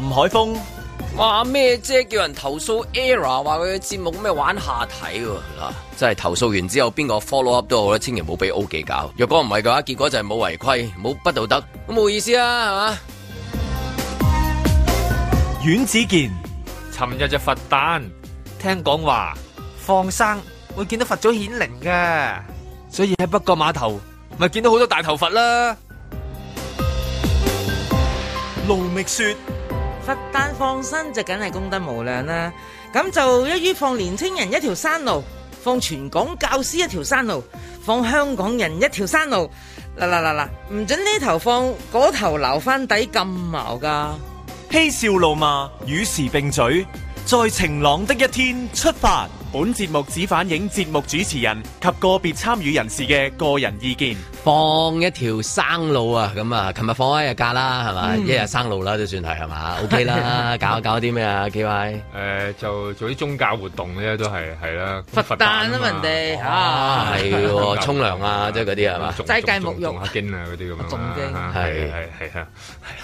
吳海峰話咩啫？叫人投訴 error 話佢嘅節目咩玩下體喎，嗱，即、啊、係投訴完之後，邊個 follow up 都好啦，千祈唔好俾 O 記搞。若果唔係嘅話，結果就係冇違規，冇不道德，咁、啊、冇意思啊，係嘛？阮子健，尋日就佛誕，聽講話放生會見到佛祖顯靈嘅，所以喺北角碼頭咪見到好多大頭佛啦。盧覓雪。不單放生就梗係功德無量啦，咁就一於放年青人一條山路，放全港教師一條山路，放香港人一條山路，嗱嗱嗱，唔准呢頭放嗰頭留翻底咁矛噶，嬉笑怒罵，與時並舉，在晴朗的一天出發。本節目只反映節目主持人及個別參與人士嘅個人意見。放一條生路啊！咁啊，琴日放一日假啦，係嘛、嗯？一日生路啦，都算係，係嘛？OK 啦，搞搞啲咩啊？K Y，誒、哎，就做啲宗教活動咧，都係係啦，佛誕啊，人哋啊，係喎，沖涼啊，即係嗰啲係嘛？齋戒沐浴，誦經啊，嗰啲咁樣，誒誒誒係係係啊，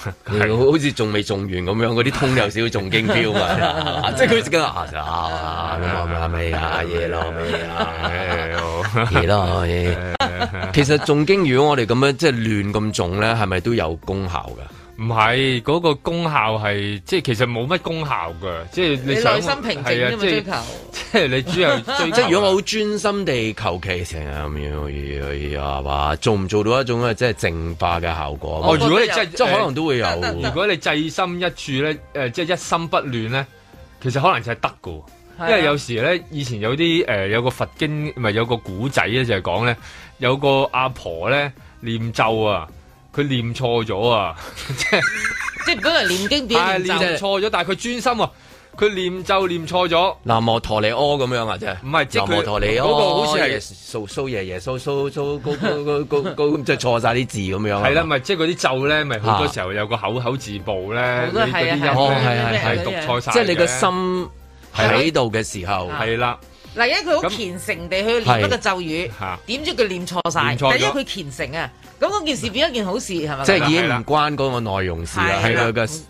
係啊，好好似仲未誦完咁樣，嗰啲通有少少誦經 feel 嘛，即係佢而家啊，咩咩咩嘢咯，咩嘢啊，唻、啊，其實誦經如果我哋咁樣即係亂咁重咧，係咪都有功效噶？唔係，嗰、那個功效係即係其實冇乜功效噶，即係內心平靜啫，即係你追求，即係 如果我好專心地求其成日咁樣，係 嘛做唔做到一種即係淨化嘅效果？哦，如果你即係即係可能都會有。如果你制心一處咧，誒、欸，即係一心不亂咧，其實可能就係得噶。 因為有時咧，以前有啲誒、呃、有個佛經唔係、呃、有個古仔咧，就係講咧。有個阿婆咧念咒念啊，佢念錯咗啊，即係即係本來念經變念錯咗，但係佢專心啊，佢念咒念錯咗。南無陀尼訶咁樣啊，即係、啊。唔係，即係樣。嗰、嗰個好似、喔、係蘇蘇爺爺蘇蘇蘇高高高即係錯晒啲字咁樣、啊啊。係啦，咪即係嗰啲咒咧，咪好多時候有個口口字部咧，嗰啲音係係係讀錯晒。即係你個心喺度嘅時候。係啦。嗱，因為佢好虔誠地去念嗰個咒語，點、嗯啊、知佢唸錯曬？第一佢虔誠啊，咁件事變一件好事係嘛？即、就、係、是、已經唔關嗰個內容事啦，係佢嘅心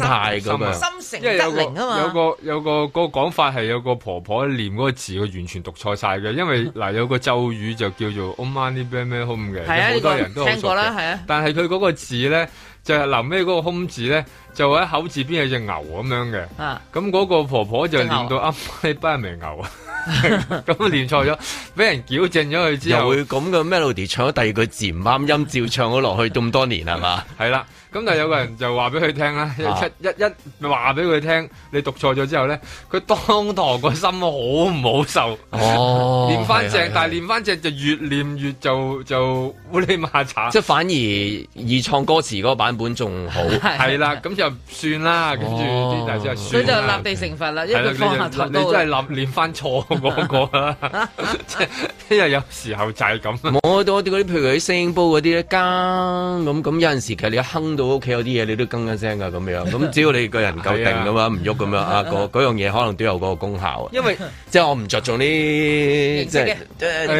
態咁、那、啊、個。是心心心心因為有個有個有個講法係有個婆婆念嗰個字佢完全讀錯晒嘅，因為嗱、呃、有個咒語就叫做 Om Mani b a m e h o m 嘅，好 多人都好熟嘅、這個。但係佢嗰個字咧就係臨尾嗰個 Home」字咧，就喺口字邊有隻牛咁樣嘅。咁、啊、嗰、那個婆婆就念到 Om Mani m e 牛啊！嗯嗯嗯嗯嗯嗯咁 練 錯咗，俾人矯正咗佢之後， 又會咁嘅 melody 唱咗第二句字唔啱音，照唱咗落去咁多年係嘛？係 啦是吧。 咁但係有個人就話俾佢聽啦，一一一一話俾佢聽，你讀錯咗之後咧，佢當堂個心好唔好受，練、哦、翻 正，是是是但係練翻正就越練越就就烏里麻即係反而二創歌詞嗰個版本仲好，係 啦對了，咁 就算啦，跟住啲大師就算、哦、所以就立地成佛啦，一個佢放下屠刀啦，你真係立練翻錯嗰個啦，即 係 有時候就係咁，摸多啲嗰啲，譬如啲聲煲嗰啲咧，加咁咁有陣時其實你哼。到屋企有啲嘢你都更一聲噶咁樣，咁只要你個人夠定咁啊，唔喐咁樣啊，嗰、啊啊啊、樣嘢可能都有嗰個功效。因為即係我唔着重啲。即，即、呃呃呃、你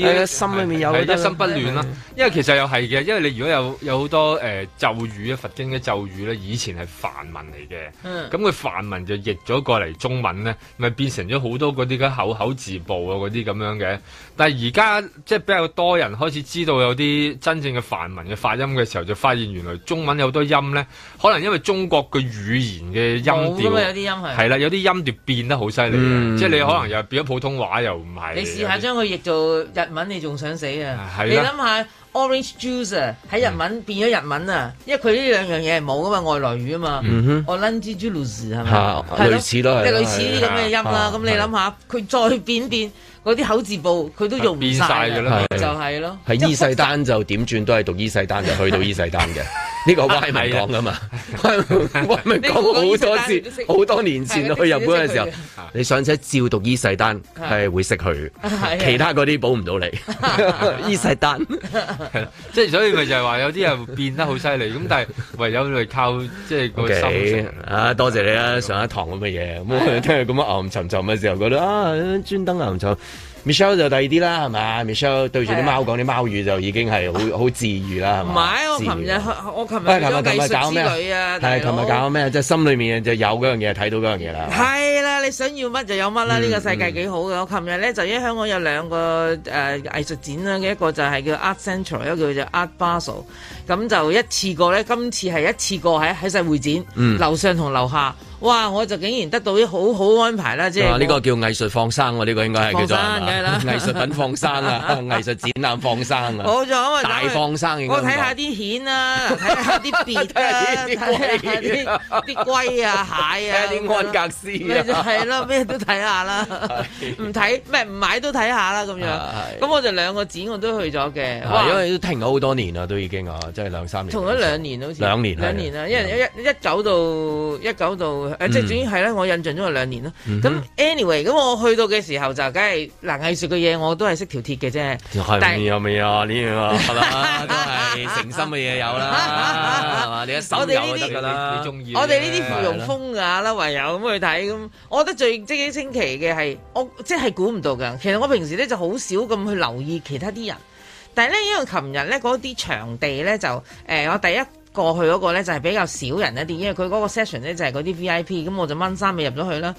要心裏面有、啊啊、一心不亂啦、啊。因為其實又係嘅，因為你如果有有好多誒咒語啊、佛經嘅咒語咧，以前係梵文嚟嘅，咁佢、啊、梵文就譯咗過嚟中文咧，咪變成咗好多嗰啲咁口口字部啊嗰啲咁樣嘅。但係而家即係比較多人開始知道有啲真正嘅梵文嘅發音嘅時候，就發現。原來中文有好多音咧，可能因為中國嘅語言嘅音調，有啲音係係啦，有啲音調變得好犀利，即係你可能又變咗普通話又唔係。你試下將佢譯做日文，你仲想死啊？係。你諗下。Orange juice 喺日文變咗日文啊、嗯，因為佢呢兩樣嘢冇㗎嘛，外來語啊嘛、嗯、哼 Julius, 是是啊嘛，Orange juice 係咪？嚇、啊，類似咯，係、就是、類似啲咁嘅音啦、啊。咁、啊啊嗯啊嗯啊啊、你諗下，佢、啊、再變變嗰啲口字部，佢都用唔晒㗎啦，就係、是、咯、啊。係伊勢丹就點轉都係讀伊勢丹，就去到伊勢丹嘅。 呢、呢個係歪咪講噶嘛，啊、歪咪講好多次，好、啊、多年前去日本嘅時候、啊，你上車照讀伊勢丹，係會識佢，其他嗰啲補唔到你。伊勢丹，係即係所以咪就係話有啲人變得好犀利，咁但係唯有係靠即係、就係、個心。 OK, 啊，多謝你啦、啊，上一堂咁嘅嘢，咁、啊、聽佢咁樣吟沉沉嘅時候，覺得啊，專登吟沉。Michelle 就第二啲啦，係咪？Michelle 對住啲貓講啲、啊、貓語就已經係好好治愈啦，係嘛？唔係，我琴日我琴日做藝術之旅啊！係，琴日搞咩？即、就、係、是、心裏面就有嗰樣嘢，睇到嗰樣嘢啦。係啦、啊，你想要乜就有乜啦！呢、嗯這個世界幾好嘅。我琴日咧就因為香港有兩個誒、呃、藝術展啦、啊嗯，一個就係叫 Art Central，一個叫做 Art Basel。咁就一次過咧，今次係一次過喺喺世會展，嗯、樓上同樓下。哇！我就竟然得到啲好好安排啦，即係呢個叫藝術放生、啊，我、這、呢個應該係叫做藝術品放生啦、啊，藝 術展覽放生、啊。冇錯啊，大放生我看一、啊。我 睇下啲蜆啦，睇 下啲蝦啦，睇 下啲啲龜啊、蟹啊，啲安格斯啊，係 咯、就是，咩都睇下啦。唔睇咩唔買都睇下啦咁樣。咁我就兩個展我都去咗嘅，因為都停咗好多年啦，都已經啊，即係兩三年。同咗兩年好似。兩年，兩年。兩年啊，因為一一一走到一走到。誒即係總之係咧，我印象中有兩年啦咁、嗯、anyway，咁我去到嘅時候就梗係，嗱藝術嘅嘢我都係識條鐵嘅啫。但係有未啊？呢樣係咪啊？啊 都係誠心嘅嘢有啦，係 嘛？你嘅手㗎啦，你中意。我哋呢啲芙蓉風㗎啦，唯有咁去睇。咁我覺得最即係清奇嘅係，我即係估唔到㗎。其實我平時咧就好少咁去留意其他啲人，但係咧因為琴日咧嗰啲場地咧就、呃、我第一。過去嗰個咧就係比較少人一啲，因為佢嗰個 session 咧就係嗰啲 VIP，咁我就掹衫咪入咗去啦。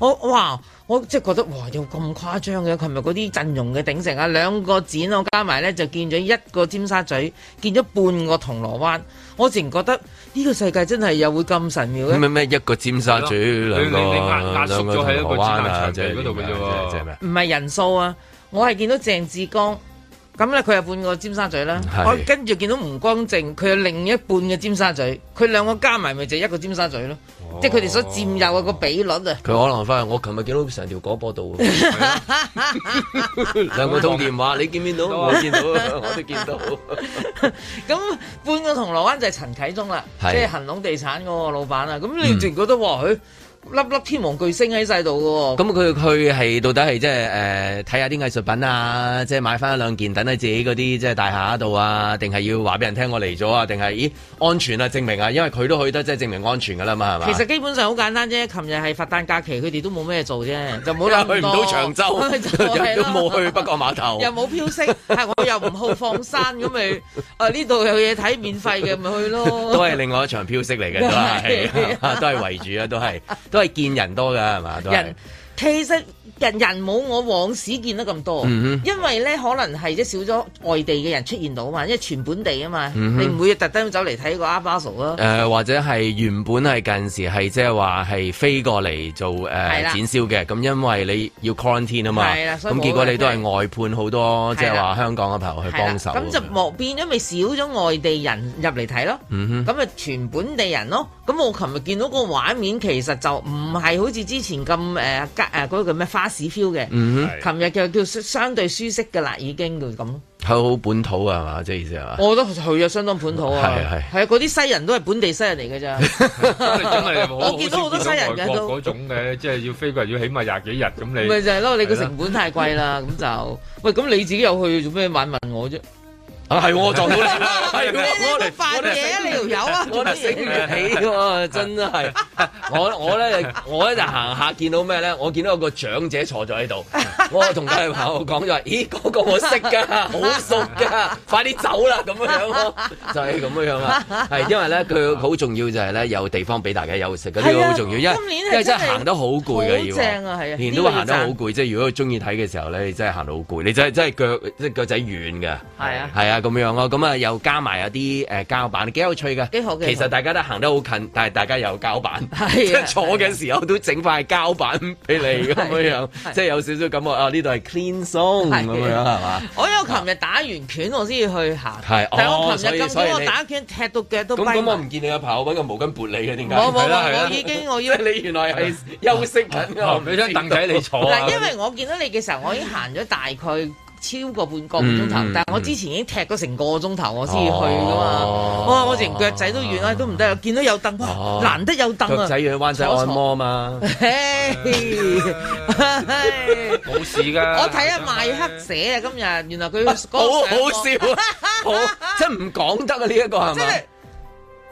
我哇，我即係覺得哇，又咁誇張嘅，尋日嗰啲陣容嘅鼎盛啊，兩個展我加埋咧就見咗一個尖沙咀，見咗半個銅鑼灣。我自然覺得呢個世界真係又會咁神妙咧。咩咩一個尖沙咀你你兩個兩個銅鑼灣啊！即係嗰度嘅啫，係咩？唔係人數啊，我係見到鄭志剛。咁咧佢有半個尖沙咀啦，我跟住見到吳光正，佢有另一半嘅尖沙咀，佢兩個加埋咪就一個尖沙咀咯。哦，即係佢哋所佔有個比率啊。佢、哦、可能發現，我琴日見到成條果波度， 對了 兩個通電話， 你見唔見， 見到？我見到，我都見到。咁半個銅鑼灣就係陳啟宗啦，即係恒隆地產嗰個老闆啊。咁、嗯、你淨覺得話佢？粒粒天王巨星喺曬度嘅喎，咁佢佢係到底係即係誒睇下啲藝術品啊，即係買翻一兩件，等喺自己嗰啲即係大廈度啊，定係要話俾人聽我嚟咗啊？定係咦安全啊？證明啊？因為佢都去得，即係證明安全㗎啦嘛，係嘛？其實基本上好簡單啫。琴日係佛誕假期，佢哋都冇咩做啫，就冇啦，去唔到長洲，都冇去北角碼頭，又冇飄色，係 我又唔好放山，咁 咪啊呢度有嘢睇，免費嘅咪去咯。都係另外一場飄色嚟嘅，都都係圍住啊，都係。都.都係見人多㗎，係嘛？都人其實人人冇我往時見得咁多、嗯，因為咧可能係即少咗外地嘅人出現到嘛，因為全本地啊嘛，嗯、你唔會特登走嚟睇個阿巴嫂咯、啊。誒、呃，或者係原本係近時係即係話係飛過嚟做誒、呃、展銷嘅，咁因為你要 quarantine 啊嘛，咁結果你都係外判好多，即係話香港嘅朋友去幫手。咁就莫變咗咪少咗外地人入嚟睇咯。咁、嗯、啊，就全本地人咯。咁我琴日見到個畫面，其實就唔係好似之前咁誒，誒、呃、嗰、嗰個叫咩花市 feel 嘅。Mm-hmm. 琴日就叫相對舒適嘅啦，已經嘅咁。係好本土啊，係嘛？即係意思係嘛？我都去啊，相當本土啊。係係。係啊，嗰啲西人都係本地西人嚟嘅咋。 真 我見到好多西人嘅都。嗰種嘅，即係要飛過要起碼廿幾日咁你。咪就係、係、咯，你個成本太貴啦，咁 就。喂，咁你自己又去做咩漫漫問我啫？ 啊，係我撞到你，係咁，我哋我係，你條友啊，我係死皮喎，真係，我我咧，我咧就行一下，見到咩咧？我見到有個長者坐咗喺度，我同佢朋友講咗話：咦，嗰、嗰個我識㗎，好熟㗎， 快啲走啦咁樣咯，就係咁嘅樣啦。係因為咧，佢好重要就係咧，有地方俾大家休息，呢個好重要。因為今年真係行得好攰啊，年年都行得好攰，即係如果中意睇嘅時候咧，你真係行到好攰，你真係真係腳即係腳，腳仔軟㗎。係啊，係啊。咁樣咯，咁啊又加埋有啲誒膠板，幾有趣噶幾好嘅。其實大家都行得好近，但係大家有膠板，即係、啊就是，坐嘅時候都整塊膠板俾你咁、啊、樣即係、啊就是，有少少感覺啊呢度係 clean zone 咁樣係嘛？我有琴日，打完拳，我先去行。啊、但我琴日咁日打拳踢到腳都跛。咁咁我唔見你去跑，搵個毛巾撥你嘅，點解咧？冇冇冇，我已經 我以已依經。你 原來係休息緊噶俾張凳仔你坐。嗱，因為我見到你嘅時候、嗯，我已經行咗大概。超過半個鐘頭、嗯，但係我之前已經踢咗成個鐘頭、哦，我先至去㗎嘛。哇、啊！我成腳仔都軟啦，都唔得。見到有凳、哦，難得有凳、啊、腳仔要去灣仔按摩啊嘛。冇、哎哎哎哎、事㗎。我睇下麥克寫、哎、啊，今日原來佢好好笑，好真唔講得啊，呢一個係咪？就是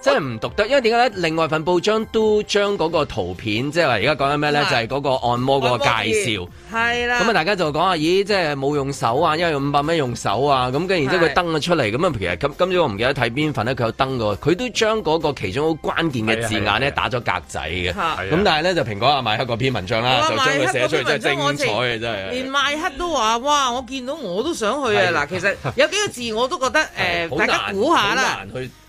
真係唔讀得，因為點解咧？另外份報章都將嗰個圖片，即係話而家講緊咩咧？就係、是、嗰個按摩嗰個介紹，係啦。咁啊、嗯，大家就講話咦，即係冇用手啊，因為五百蚊用手啊。咁跟住然之後佢登咗出嚟，咁啊、嗯，其實今朝我唔記得睇邊份咧，佢有登過。佢都將嗰個其中好關鍵嘅字眼咧打咗格仔嘅。咁、嗯、但係咧，就蘋果阿邁克嗰篇文章啦，章就將佢寫出嚟就精彩嘅真係。連邁克都話：哇，我見到我都想去啊！嗱，其實有幾個字我都覺得誒、 呃，大家估下啦。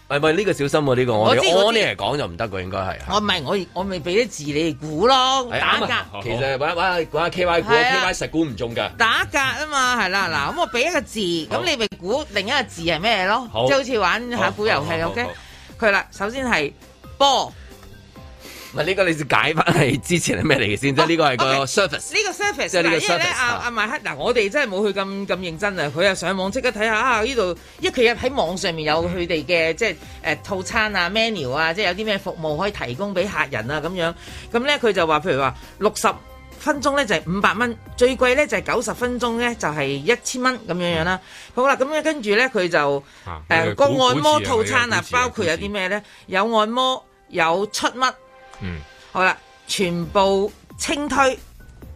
唔係呢個小心喎、啊、呢、這個我知，我你嚟講就唔得嘅，應該係我，唔係我我，咪俾啲字你估咯，打格，其實玩玩玩 K Y 估 K Y 實估唔中㗎，打格嘛，啊嘛，係啦，嗱，咁我俾一個字，咁你咪估另一個字係咩嘢咯，即係好似玩下估遊戲咁嘅。佢啦，首先係波。呢、這個，你先解翻係之前係咩嚟嘅先？呢、oh, 個係個 service、okay。呢個 service，即係呢個 service 因為咧，阿、啊、阿、啊啊、麥克嗱、啊，我哋真係冇去咁咁認真看看啊！佢啊上網、嗯、即刻睇下啊，呢度一佢喺網上面有佢哋嘅即係套餐啊、menu 啊，即係有啲咩服務可以提供俾客人啊咁樣。咁咧佢就話，譬如話六十分鐘咧就係五百蚊，最貴咧就係九十分鐘咧就係一千蚊咁樣樣啦。好、嗯、啦，咁咧跟住咧佢就誒、啊啊、個按摩套餐啊，包括有啲咩咧？有按摩，有出乜？嗯，好啦，全部清推，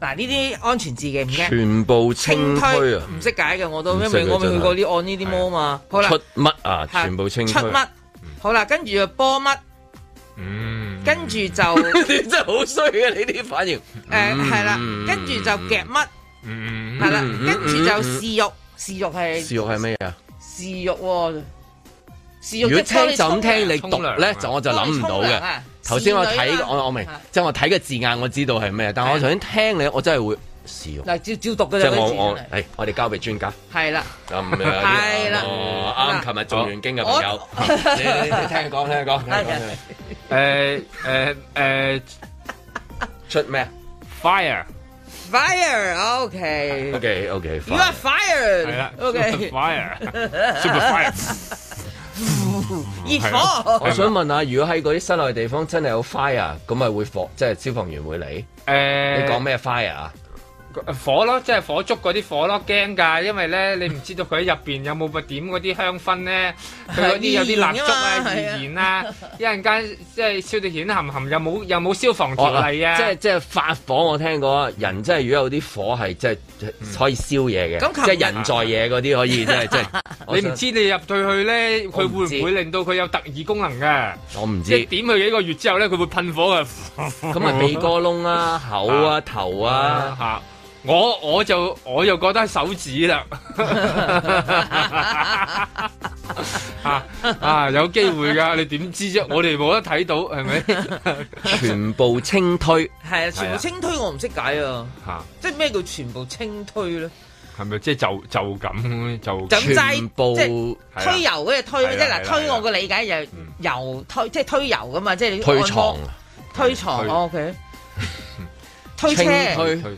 嗱呢啲安全字嘅唔驚，全部清推，清推啊，唔識解嘅我都，因為我未去過啲按呢啲摩嘛。好啦，出乜啊？全部清出乜？好啦，跟住就波乜？嗯，跟住就 真係好衰嘅、啊，你啲反應，誒係啦，跟住就夾乜？嗯，係、嗯、啦，跟、嗯、住就試玉，試玉係試玉係咩啊？試玉、哦，試玉即係聽就聽，你讀咧就我就諗唔到嘅。頭先我睇我我明、啊，即係我睇嘅字眼我知道係咩，但我頭先聽你我的我、啊我，我真係會笑。但照照讀嘅啫。即係我我，誒，我哋交俾專家。係啦。咁、嗯、樣。係啦、啊。啱、嗯，琴日做完經嘅朋友，你、啊、你，你，你，你，你，你聽講聽講。誒誒誒，啊呃呃呃、 出咩？Fire，fire，OK。Fire, OK OK。You are fired。係啦。OK。Fire。Super fire。熱火、 嗯啊啊，我想問下，如果喺嗰啲室內地方真係有 fire，咁咪會火，即、就、係、是、消防員會嚟？誒、呃，你講咩 fire 啊？火咯，即係火燭嗰啲火咯，驚㗎，因為咧你唔知道佢喺入邊有冇點嗰啲香薰咧，佢嗰啲有啲蠟燭啊、燃燃啊，一陣間即係燒到熱熱冚冚，又冇又冇消防條例啊，即係即係發火，我聽過，人真係如果有啲火係即係可以燒嘢嘅，即係人在嘢嗰啲可以真係真。你唔知你入到去咧，佢會唔會令到佢有特異功能嘅？我唔知。即係點佢幾個月之後咧，佢會噴火嘅，咁啊鼻哥窿啊、口啊、頭啊。我我就我就覺得手指啦， 啊啊有機會噶，你點知啫？ 我哋冇得睇到，係咪？ 全部清推係啊！全部清推，我唔識解是啊！嚇，即係咩叫全部清推咧？係咪即係就就咁就？就全部，全部推油嗰隻推啫？嗱，推我個理解就油推，即係、啊就是、推油噶、啊就是、嘛？即係你推床、推、啊、推床，OK？ 推車推。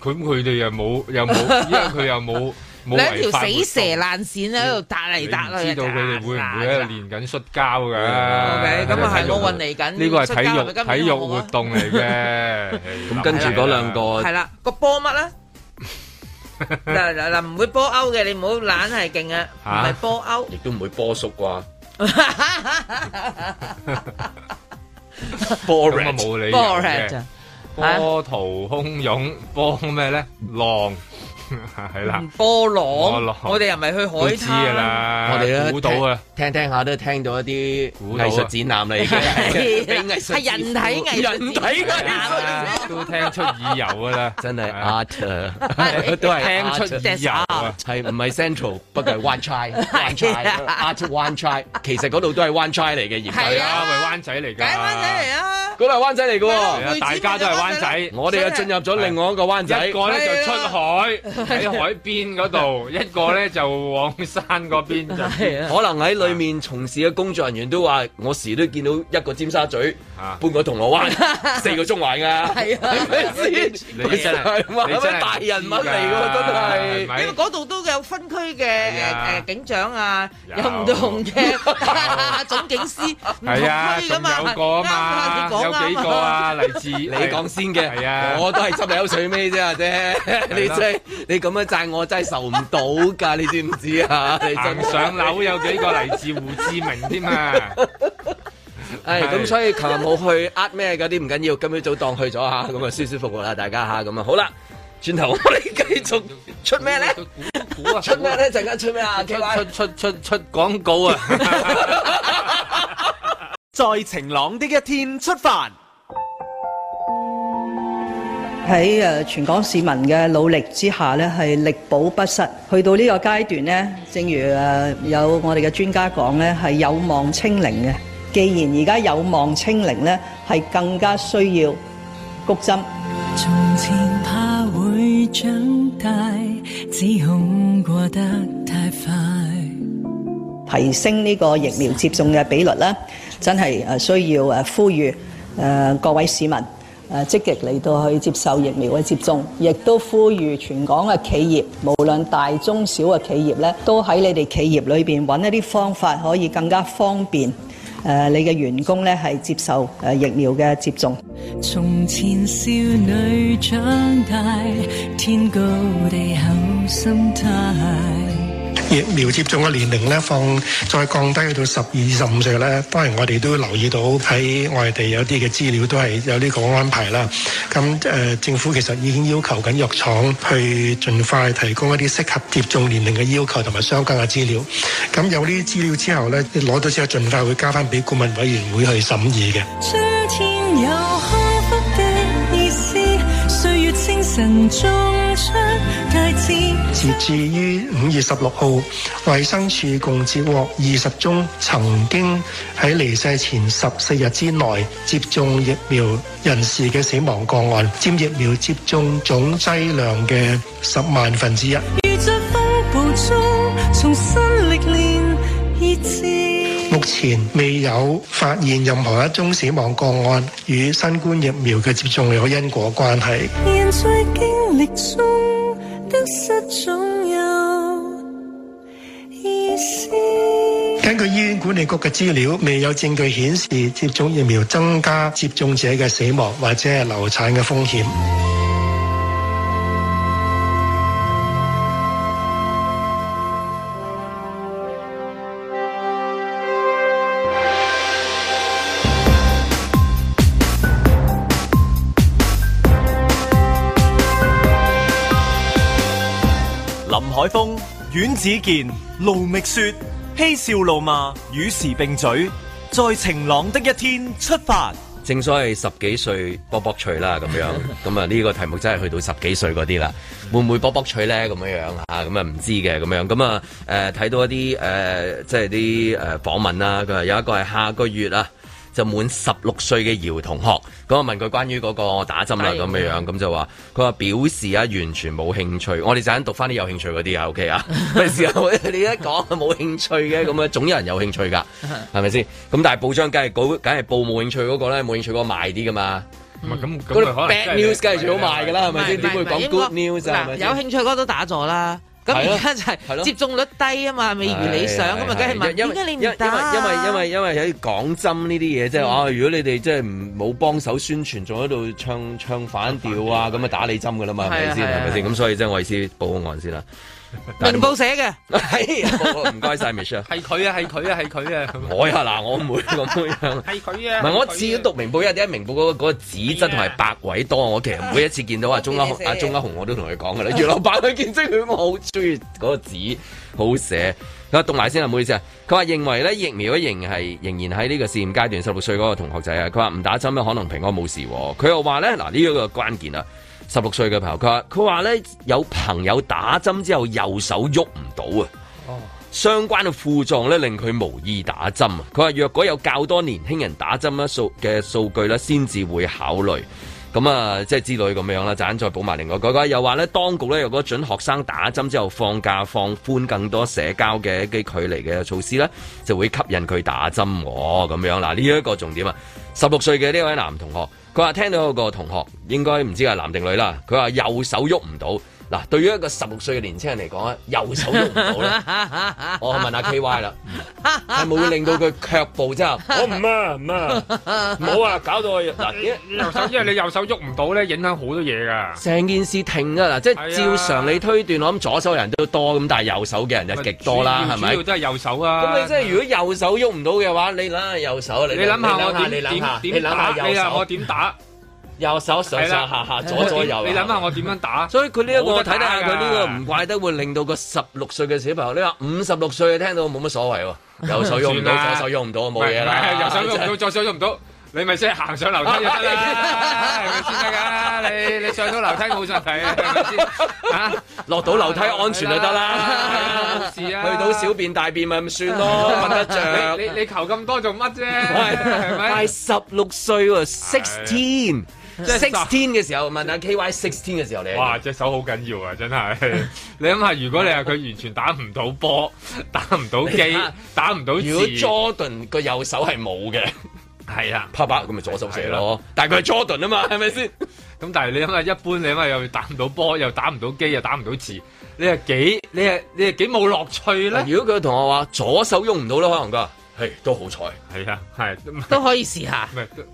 佢咁佢哋又冇又冇，因為佢又冇冇違法。兩條死蛇爛線喺度搭嚟搭去，知道佢哋會唔會喺度練緊摔跤嘅？OK，咁啊係我運嚟緊。呢個係體育體育活動嚟嘅。咁跟住嗰兩個係啦，個波乜咧？嗱嗱嗱，唔會波歐嘅，你唔好懶係勁啊！唔係波歐，亦都唔會波叔啩。咁啊冇你嘅。波濤洶湧， 波咩呢？浪。係啦，波浪，我哋又咪去海灘，我哋都估到啊！聽聽下都聽到一啲藝術展覽啦，已經係人體藝術，人體展覽啦，都聽出意猶啦，真係 art，都係 art，係唔係 Central，不過係 one chai，one chai，art one chai，其實嗰度都係 one chai 嚟嘅，係啦，係灣仔嚟噶，梗係灣仔嚟啦，嗰度係灣仔嚟噶，大家都係灣仔，我哋又進入咗另外一個灣仔，一個咧就出海。喺海邊嗰度，一個咧就往山嗰邊就，可能喺裏面從事嘅工作人員都話，我時都見到一個尖沙咀，半個銅鑼灣，四個中環噶，係咪先？你真係，你真係大人物嚟噶，真係，因為嗰度都有分區嘅誒誒警長啊，有唔同嘅總警司，唔同區噶嘛，有幾個啊？嚟自你講先嘅，我都係執嚟偷水尾啫啫，你真係。你咁樣讚我，我真係受唔到噶，你知唔知啊？行上樓有幾個嚟自胡志明添啊！ 哎，咁所以琴日冇去呃咩嗰啲唔緊要，今日早檔去咗吓，咁啊舒舒服服啦，大家吓，咁啊好啦，轉頭我哋繼續出咩咧？出股啊，啊，啊，啊！出咩咧？陣間出咩啊？出出出出廣告啊！ 在晴朗的一,一天出發。喺誒全港市民嘅努力之下咧，係力保不失。去到呢個階段咧，正如誒有我哋嘅專家講咧，係有望清零嘅。既然而家有望清零咧，係更加需要谷針。從前怕會長大，只恐過得太快。提升呢個疫苗接種嘅比率咧，真係誒需要誒呼籲誒各位市民。誒積極嚟到去接受疫苗嘅接種，亦都呼籲全港嘅企業，無論大中小嘅企業咧，都喺你哋企業裏面揾一啲方法，可以更加方便誒、呃、你嘅員工咧，係接受疫苗嘅接種。從前少女長大，天高地厚，心態。疫苗接種嘅年齡咧，放再降低到十二十五歲咧，當然我哋都留意到喺外地有啲嘅資料都係有呢個安排啦。咁誒，政府其實已經要求緊藥廠去盡快提供一啲適合接種年齡嘅要求同埋相關嘅資料。咁有呢啲資料之後咧，攞到之後盡快會交翻俾顧問委員會去審議嘅。截至於五月十六號，衛生署共接獲二十宗曾經喺離世前十四日之內接種疫苗人士嘅死亡個案，佔疫苗接種總劑量嘅十萬分之一。目前未有發現任何一宗死亡個案與新冠疫苗嘅接種有因果關係。總有根據醫院管理局嘅資料，未有證據顯示接種疫苗增加接種者嘅死亡或者係流產嘅風險。阮子健、盧覓雪，嬉笑怒罵與時並嘴，在晴朗的一天出發，正所謂十幾歲卜卜脆啦咁樣。咁啊呢個題目真係去到十幾歲嗰啲啦，會唔會卜卜脆咧咁樣樣吓？咁啊唔知嘅咁樣。咁啊誒睇到一啲誒、呃、即係啲誒訪問啦，佢話有一個係下個月啊。就滿十六歲嘅姚同學，咁我問佢關於嗰個打針啦咁嘅樣，咁就話佢話表示啊完全冇興趣。我哋陣間讀翻啲有興趣嗰啲啊，O K 啊，咩時候你一講冇興趣嘅，咁樣總有人有興趣噶，係咪先？咁但係報章梗係報，梗係報冇興趣嗰、那個啦，冇興趣嗰個賣啲噶嘛。唔係咁，嗰啲 bad news 梗係最好賣噶啦，係咪先？點會講 good news 啊？有興趣嗰個都打咗啦。咁而家就係接種率低啊嘛，未如理想，咁啊梗係問，點解你唔打？因為因為因為因為喺講針呢啲嘢，即係啊，如果你哋即係唔冇幫手宣傳，仲喺度唱唱反調啊，咁啊打你針噶啦嘛，係咪先？係咪先？咁所以即係我意思，報個案先啦。明報寫嘅係唔該晒 Michelle，係佢啊，係佢啊，係佢啊！我 呀嗱，我唔會咁樣，係佢啊！唔係我自己讀明報一啲，為明報嗰個嗰個紙質同埋白位多，我其實每一次見到啊鐘阿阿鐘阿紅我都同佢講噶啦，原老闆佢見識佢，我好中意嗰個紙好寫。佢話 讀埋先啊，唔好意思啊。佢話認為咧疫苗仍係仍然喺呢個試驗階段，十六歲嗰個同學仔啊，佢話唔打針可能平安冇事。佢又話咧嗱呢、呢個關鍵啊！十六歲嘅朋友，佢話佢話咧有朋友打針之後右手喐唔到啊，相關嘅副作用咧令佢無意打針啊。佢話若果有較多年輕人打針咧數嘅數據咧，先至會考慮咁啊，即係之類咁樣啦。陣間再補埋。另外一個，佢話又話咧當局咧如果准學生打針之後放假放寬更多社交嘅嘅距離嘅措施咧，就會吸引佢打針喎。咁樣嗱，呢、這、一個重點啊，十六歲嘅呢位男同學。佢話聽到個同學應該唔知係男定女啦，佢話右手喐唔到。嗱，對於一個十六歲嘅年青人嚟講咧，右手喐唔到咧，我問下 K Y 啦，係咪會令到佢卻步即係？我唔啊唔啊，冇啊，搞到我嗱，右手因為你右手喐唔到咧，影響好多嘢噶，成件事停噶啦，即係照常你推斷，我諗左手人都多咁，但係右手嘅人就極多啦，係咪？主要都係右手啊。咁你真係如果右手喐唔到嘅話，你諗下右手嚟。你諗下我點打？你諗下你諗下你諗下你啊！我點打？右手上上下下，下左左右，右，你諗下我點樣打？所以佢呢一個我睇得下佢呢個唔怪得會令到個十六歲嘅小朋友，你話五十六歲聽到冇乜所謂喎，右手喐唔到，左手喐唔到，冇嘢啦。右手用唔到，左手喐唔到，你咪即係行上樓梯就得啦，你你上到樓梯冇問題 是是啊，吓落到樓梯安全就得啦，去、 哎啊、到小便大便咪咁算咯，得着。你你，你求咁多做乜啫，啊？快十六歲喎，sixteen。16 即係 sixteen 嘅時候，問下 K Y sixteen 嘅時候你。哇，隻手好緊要啊，真係！ 你諗下，如果你話佢完全打唔到波，打唔到機，打唔到字，如果 Jordan 個右手係冇嘅，係啊，啪啪咁咪左手寫咯、啊。但係佢係 Jordan 啊嘛，係咪先？咁、啊啊、 但係你諗下，一般你諗下又打唔到波，又打唔到機，又打唔到字，你係幾？你係你係幾冇樂趣咧？如果佢個同學話左手用唔到咧，可能。都好彩，係啊，係、啊、都可以試下，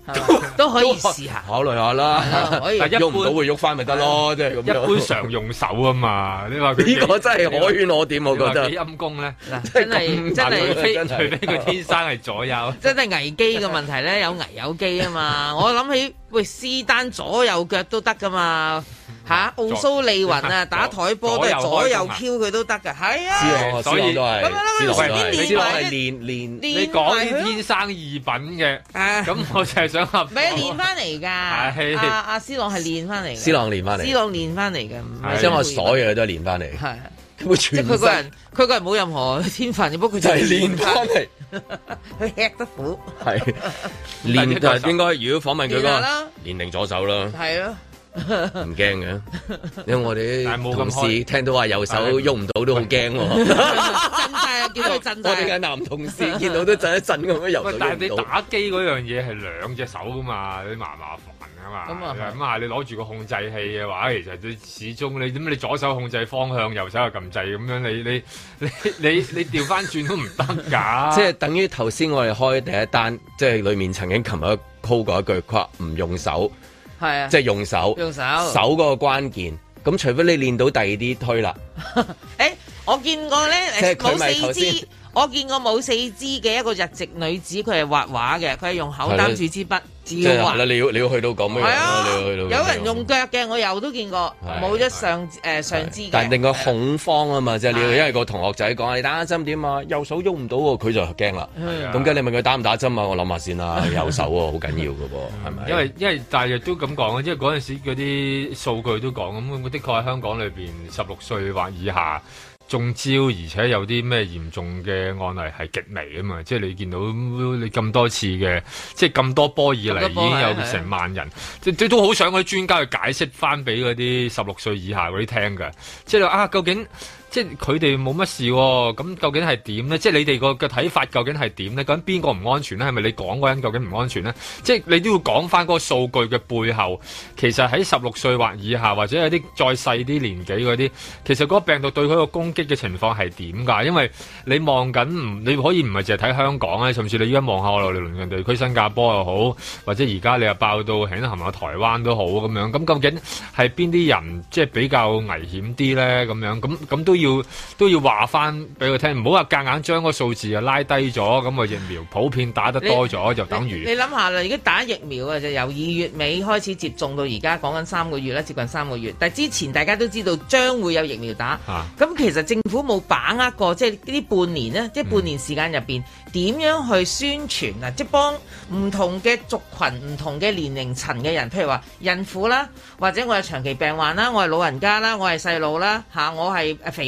下，都可以試下，考慮下啦。可以喐唔到會喐翻咪得咯，即係、啊就是、一般常用手啊嘛。 你話呢、這個真係可圈可點，我覺得陰公咧，真係真係跟隨呢個天生係左右， 真係危機嘅問題咧，有危有機啊嘛。 我諗起喂，師丹左右腳都得噶嘛。吓、啊、奧蘇利雲啊，打台波都左右 Q 佢都得噶，係啊，所以咁樣。啦，朗啲年嚟，你係練你講、就是、天生異稟嘅，咁、啊、我就係想話、啊，咪練翻嚟㗎，阿阿斯朗係練翻嚟，斯朗練翻嚟，斯朗練翻嚟嘅，即係我所有嘢都係練翻嚟，佢、啊、個人佢個人冇任何天分，不過佢就係練翻嚟，佢 吃得苦、啊，係練就應該。如果訪問佢個年齡左手啦，係咯。唔驚嘅，因為我冇同事聽到話右手喐唔 到都好驚喎。震晒啊，見到男同事見到都震一震咁樣游水。 但係你打機嗰樣嘢係兩隻手噶嘛，你麻麻煩嘛。咁啊，咁啊，你攞住、嗯、個控制器嘅話，其實你始終你點你左手控制方向，右手又撳掣咁樣你，你你你你你調翻轉都唔得噶。 即係等於頭先我哋開第一單，即係裏面曾經琴日 call 過一句，唔用手。係啊，即、就、係、是、用，用手，手嗰個關鍵。咁除非你練到第二啲推啦。誒、 欸，我見過咧冇 四肢， 我見過冇四肢嘅一個日籍女子，佢係畫畫嘅，佢係用口叼住支筆。筆即係啦，你要你要去到、啊、你要去到。有人用腳嘅，我有都見過，冇咗、啊、上誒、啊呃啊、上肢嘅。但是定令佢恐慌啊嘛，即、就、係、是、你要因為個同學仔講、啊，你打針點啊？右手喐唔到佢就驚啦。咁跟、啊、你問佢打唔打針啊？我諗下先啦、啊，右手喎、啊，好 緊要㗎喎、啊，係咪？因為因為大約都咁講啊，因為嗰時嗰啲數據都講咁，的確喺香港裏面，十六歲或以下。中招，而且有啲咩嚴重嘅案例係極微啊嘛，即係你見到你咁多次嘅，即係咁多波以嚟已經有成萬人，即係都好想嗰啲專家去解釋翻俾嗰啲十六歲以下嗰啲聽㗎，即係啊究竟。即係佢哋冇乜事喎、哦，咁究竟係點咧？即係你哋個個睇法究竟係點咧？咁邊個唔安全咧？係咪你講個人究竟唔安全咧？即係你都要講翻個數據嘅背後，其實喺十六歲或以下，或者有啲再細啲年紀嗰啲，其實嗰個病毒對佢個攻擊嘅情況係點㗎？因為你望緊唔你可以唔係淨係睇香港啊，甚至你依家望下我哋鄰近地區新加坡又好，或者而家你又爆到響係嘛，台灣都好咁樣，咁究竟係邊啲人即係比較危險啲咧？咁樣咁咁都。要都要話翻俾佢聽，唔好話夾硬將個數字啊拉低咗，咁個疫苗普遍打得多咗，就等於你諗下啦，如果打疫苗啊，就由二月尾開始接種到而家講緊三個月啦，接近三個月。但之前大家都知道將會有疫苗打，咁、啊、其實政府冇把握過，即係呢半年呢，即係半年時間入邊點、嗯、樣去宣傳嗱，即係幫唔同嘅族群、唔同嘅年齡層嘅人，譬如話孕婦啦，或者我有長期病患啦，我係老人家啦，我係細路啦，吓，我係肥。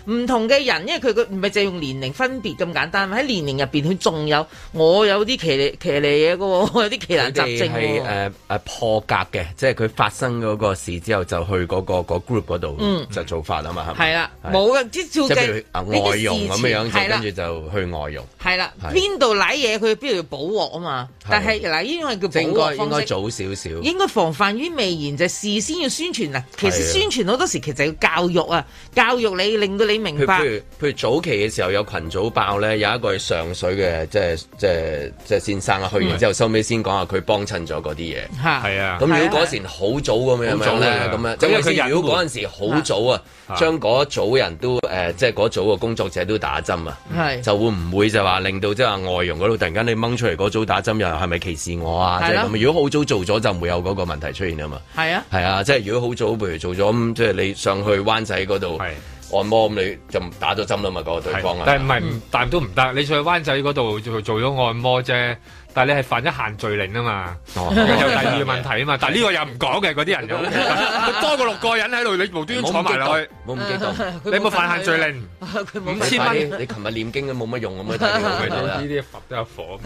唔同嘅人，因為佢個唔係淨係用年齡分別咁簡單，喺年齡入邊佢仲有我有啲騎騎呢嘢嘅，我有啲騎難雜症。佢係誒誒破格嘅，即係佢發生咗個事之後就去嗰、那個個 group 嗰度就做法啊嘛，係、嗯、啦，冇嘅即少啲外用咁嘅樣的，跟住就去外用。係啦，邊度瀨嘢佢邊度要補鑊啊嘛，但係嗱呢種係叫正確方式，應該早少少。應該防範於未然就是、事先要宣傳啦。其實宣傳好多時其實要教育啊，教育你令到。你明白？譬如譬如早期嘅時候有群組爆咧，有一個係上水嘅，即係即係即係先生、嗯、後後說說啊，去完之後收尾先講下佢幫襯咗嗰啲嘢。係啊，咁、啊啊啊啊就是、如，如果嗰時好早咁樣樣咧，咁樣即係如果嗰陣時好早啊，將嗰組人都誒，即係嗰組嘅工作者都打針啊，就會唔會就話令到即係外傭嗰度突然間你掹出嚟嗰組打針又係咪歧視我啊？即係咁如果好早做咗就唔會有嗰個問題出現啊嘛。係啊，係啊，即、就、係、是、如果好早譬如做咗即係你上去灣仔嗰度。按摩，咁你就打咗針啦嘛，嗰個對方啊，但係唔係唔，但、嗯、都唔得。你去灣仔嗰度就做咗按摩啫。但你係犯咗限聚令啊嘛，而、哦、有第二個問題啊嘛，哦哦、但呢個又唔講嘅，嗰啲人又多過六個人喺度，你無端端坐埋落去，冇唔記得，你、啊、你有冇犯限聚令？他沒他啊、他沒五千蚊，你琴日念經都冇乜用咁樣睇到佢度啦。呢啲佛都有火，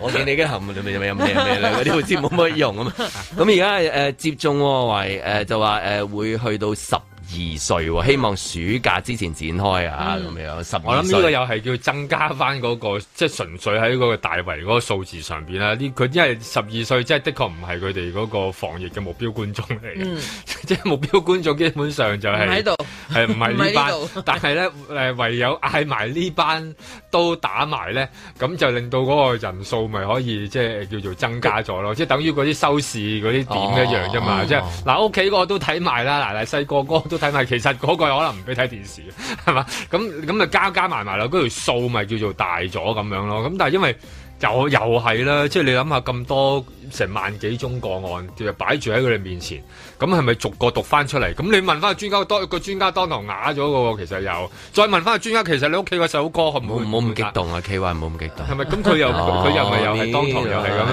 我見你嘅含裏面有咩咩咧，嗰啲好似冇乜用啊嘛。咁而家誒接種為誒、呃、就話誒、呃、會去到十二歲喎、哦，希望暑假之前展開啊咁樣。嗯、十我諗呢個又係叫增加翻、那、嗰個，即、就、係、是、純粹喺嗰個大圍嗰個數字上邊啦。呢佢因為十二歲，即係的確唔係佢哋嗰個防疫嘅目標觀眾嚟嘅，即、嗯、係 目標觀眾基本上就係喺度，係唔係呢班？ 但係咧誒， 唯有嗌埋呢班都打埋咧，咁就令到嗰個人數咪可以即係、就是、叫做增加咗咯、哦。即係等於嗰啲收視嗰啲點一樣啫嘛。即係嗱，屋企個都睇埋啦，嗱細個個都。睇埋其實嗰個可能唔俾睇電視，係嘛？咁咁咪加加埋埋咯，嗰、那、條、個、數咪叫做大咗咁樣咯。咁但係因為又又係啦，即係你諗下咁多成萬幾宗個案，其實擺住喺佢哋面前，咁係咪逐個讀翻出嚟？咁你問翻個專家，多個專家當堂啞咗嘅喎，其實又再問翻個專家，其實你屋企嗰首歌係唔好唔好咁激動啊，啊？K Y，唔好咁激動係咪？咁佢又佢、 哦、又咪又係當堂又係咁，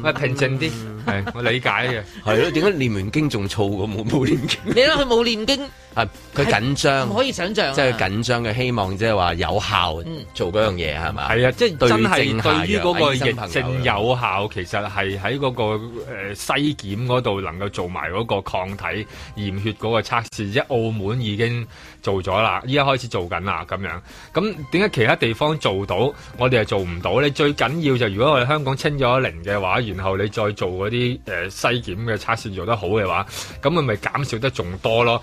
咪、哦、 平靜啲點。 係 我理解嘅，係 咯。點解唸完經仲燥過冇唸經？你諗佢冇唸經，啊佢緊張，可以想象，即係緊張嘅希望，即係話有效做嗰樣嘢係嘛？係、嗯、啊，即係真係對於嗰個疫症有效，其實係喺嗰個誒篩檢嗰度能夠做埋嗰個抗體驗血嗰個測試，即係澳門已經做咗啦，依家開始做緊啦，咁樣。咁點解其他地方做到，我哋係做唔到咧？你最緊要就如果我哋香港清咗零嘅話，然後你再做啲誒、呃、篩檢嘅測試做得好嘅話，咁佢咪減少得仲多咯。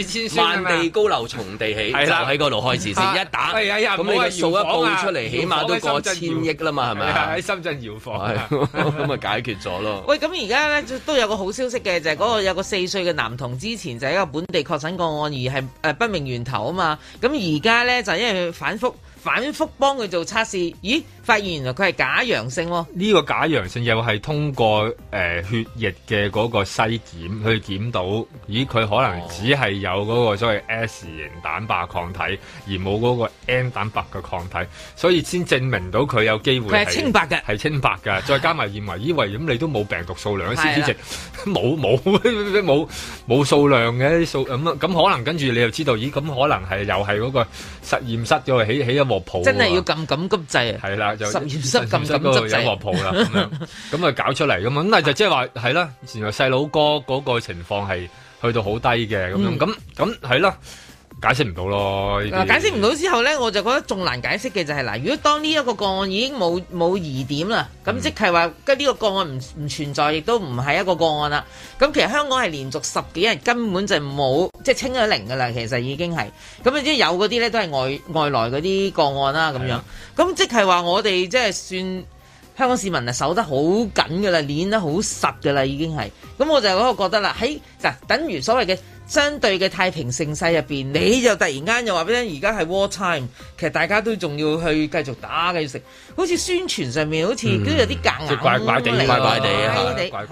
千萬地高樓從地起，就喺嗰度開始，成 一打，咁 你數一步出嚟， 起碼都過千億啦嘛，係 咪、 哎？喺深圳搖房，咁咪解決咗咯。喂，咁而家咧都有個好消息嘅，就係、是、嗰個有個四歲嘅男童之前就係一個本地確診個案，而係誒不明源頭啊嘛。咁而家咧就因為佢反覆。反覆幫佢做測試，咦？發現原來佢係假陽性喔。呢，這個假陽性又係通過誒、呃、血液嘅嗰個篩檢去檢到，咦？佢可能只係有嗰個所謂 S 型蛋白抗體，而冇嗰個 N 蛋白嘅抗體，所以先證明到佢有機會係清白嘅，係清白嘅。再加埋驗埋，咦？喂，咁你都冇病毒數量先 知，直冇冇冇冇數量嘅數咁咁可能跟住你又知道，咦？咁可能係又係嗰個實驗室嘅起起啊！真係要咁咁急制，係啦，實驗室咁急制，有卧鋪啦，咁樣，咁啊搞出嚟咁啊，咁啊就即係話係啦，以前在細佬哥嗰個情況係去到好低嘅，咁、嗯、樣，咁咁係啦。解釋唔到咯。解釋唔到之後呢，我就覺得仲難解釋嘅就係、是、嗱，如果當呢一個個案已經冇冇疑點啦，咁即係話跟呢個個案唔唔存在，亦都唔係一個個案啦。咁其實香港係連續十幾日根本就冇即係清咗零噶啦，其實已經係。咁你知有嗰啲呢都係外外來嗰啲個案啦，咁樣、啊。咁即係話我哋即係算香港市民啊，守得好緊噶啦，鏈得好實噶啦，已經係。咁我就嗰個覺得啦，喺嗱，等於所謂嘅。相對嘅太平盛世入面，你就突然間又話俾你聽，而家係 war time，其實大家都仲要去繼續打，繼續食。好似宣傳上面好、嗯，好似都有啲夾硬，怪怪地，怪怪地啊！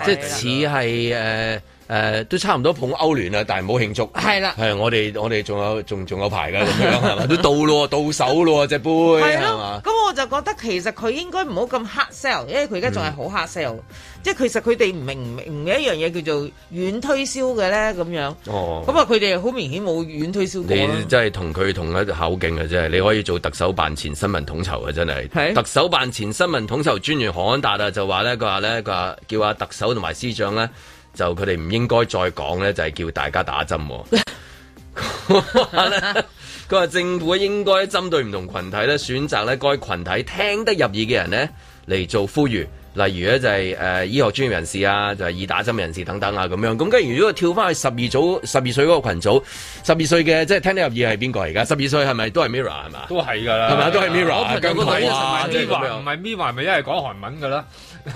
即係似係誒、呃呃、都差唔多捧歐聯啊，但係冇慶祝。係啦，係我哋我哋仲有仲仲有，有排㗎咁 樣，都到咯，到手咯，隻 杯係嘛？咁我就覺得其實佢應該唔好咁 hard sell，因為佢而家仲係好 hard sell。嗯即係其實佢哋唔明唔明嘅一樣嘢，叫做軟推銷嘅咧，咁樣。哦。咁啊，佢哋好明顯冇軟推銷到。你真係同佢同一個口徑嘅，真係。你可以做特首辦前新聞統籌嘅，真係。特首辦前新聞統籌專員何安達啊，就話呢，佢話呢，佢話叫阿特首同埋司長呢，就佢哋唔應該再講呢，就係、是、叫大家打針、喔。佢話佢話政府應該針對唔同群體呢選擇呢該群體聽得入耳嘅人呢嚟做呼籲。例如咧就係、是、誒、就是、醫學專業人士啊，就係、是、易打針人士等等啊咁樣。咁跟如果跳翻去十二組十二歲嗰個群組，十二歲嘅即係聽得入耳係邊個而家？十二歲係咪都係 Mirror 係嘛？都係㗎啦，係咪都係 Mirror 係咪話唔係 Mirror 咪一係講韓文㗎啦。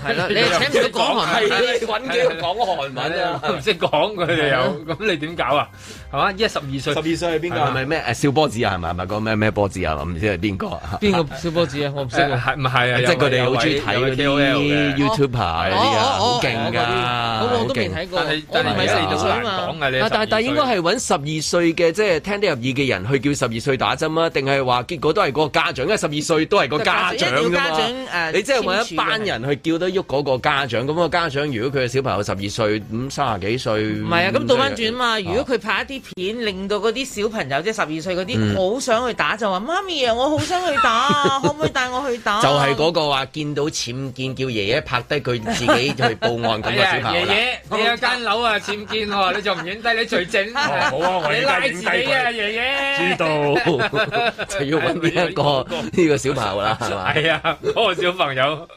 係啦，你請唔講係揾幾個講韓文啊？唔識講佢哋有，咁你點搞啊？係嘛？一十二歲，十二歲係邊個？係咪咩？誒笑波子啊，係咪？咪個咩咩波子啊？唔知係邊個？邊個笑波子啊？我唔識啊。係唔係啊， 啊？即係佢哋好中意睇啲 YouTuber 嗰啲好勁㗎。咁、oh, oh, oh, 啊 yeah, 我，我，我都未睇過。但係、啊、但係細到啊講㗎你十但係但係應該係揾十二歲嘅，即、就、係、是、聽得入耳嘅人去叫十二歲打針啊？定係話結果都係個，家長 ,12 都是個家，長家長，因為十二歲都係個家長家、啊、長你即係揾一班人去叫得喐嗰個家長。咁、那個家長如果佢嘅小朋友十二歲，咁三十幾歲。唔係啊，咁倒翻轉啊嘛。如果佢拍一啲、啊。啲片令到嗰啲小朋友即係十二歲嗰啲好想去打，就話，媽咪啊，我好想去打啊 可唔可以帶我去打就係、是、嗰個話見到僭建叫爺爺拍低佢，自己去報案咁嘅小朋友，爺爺、 哎、有你間樓啊僭建，你就唔影低你隨整。 哦，」好啊我你拉自己啊爺爺知道 就要搵呢一個呢、 哎、個， 個小朋友啦，係嘛？係啊嗰個小朋友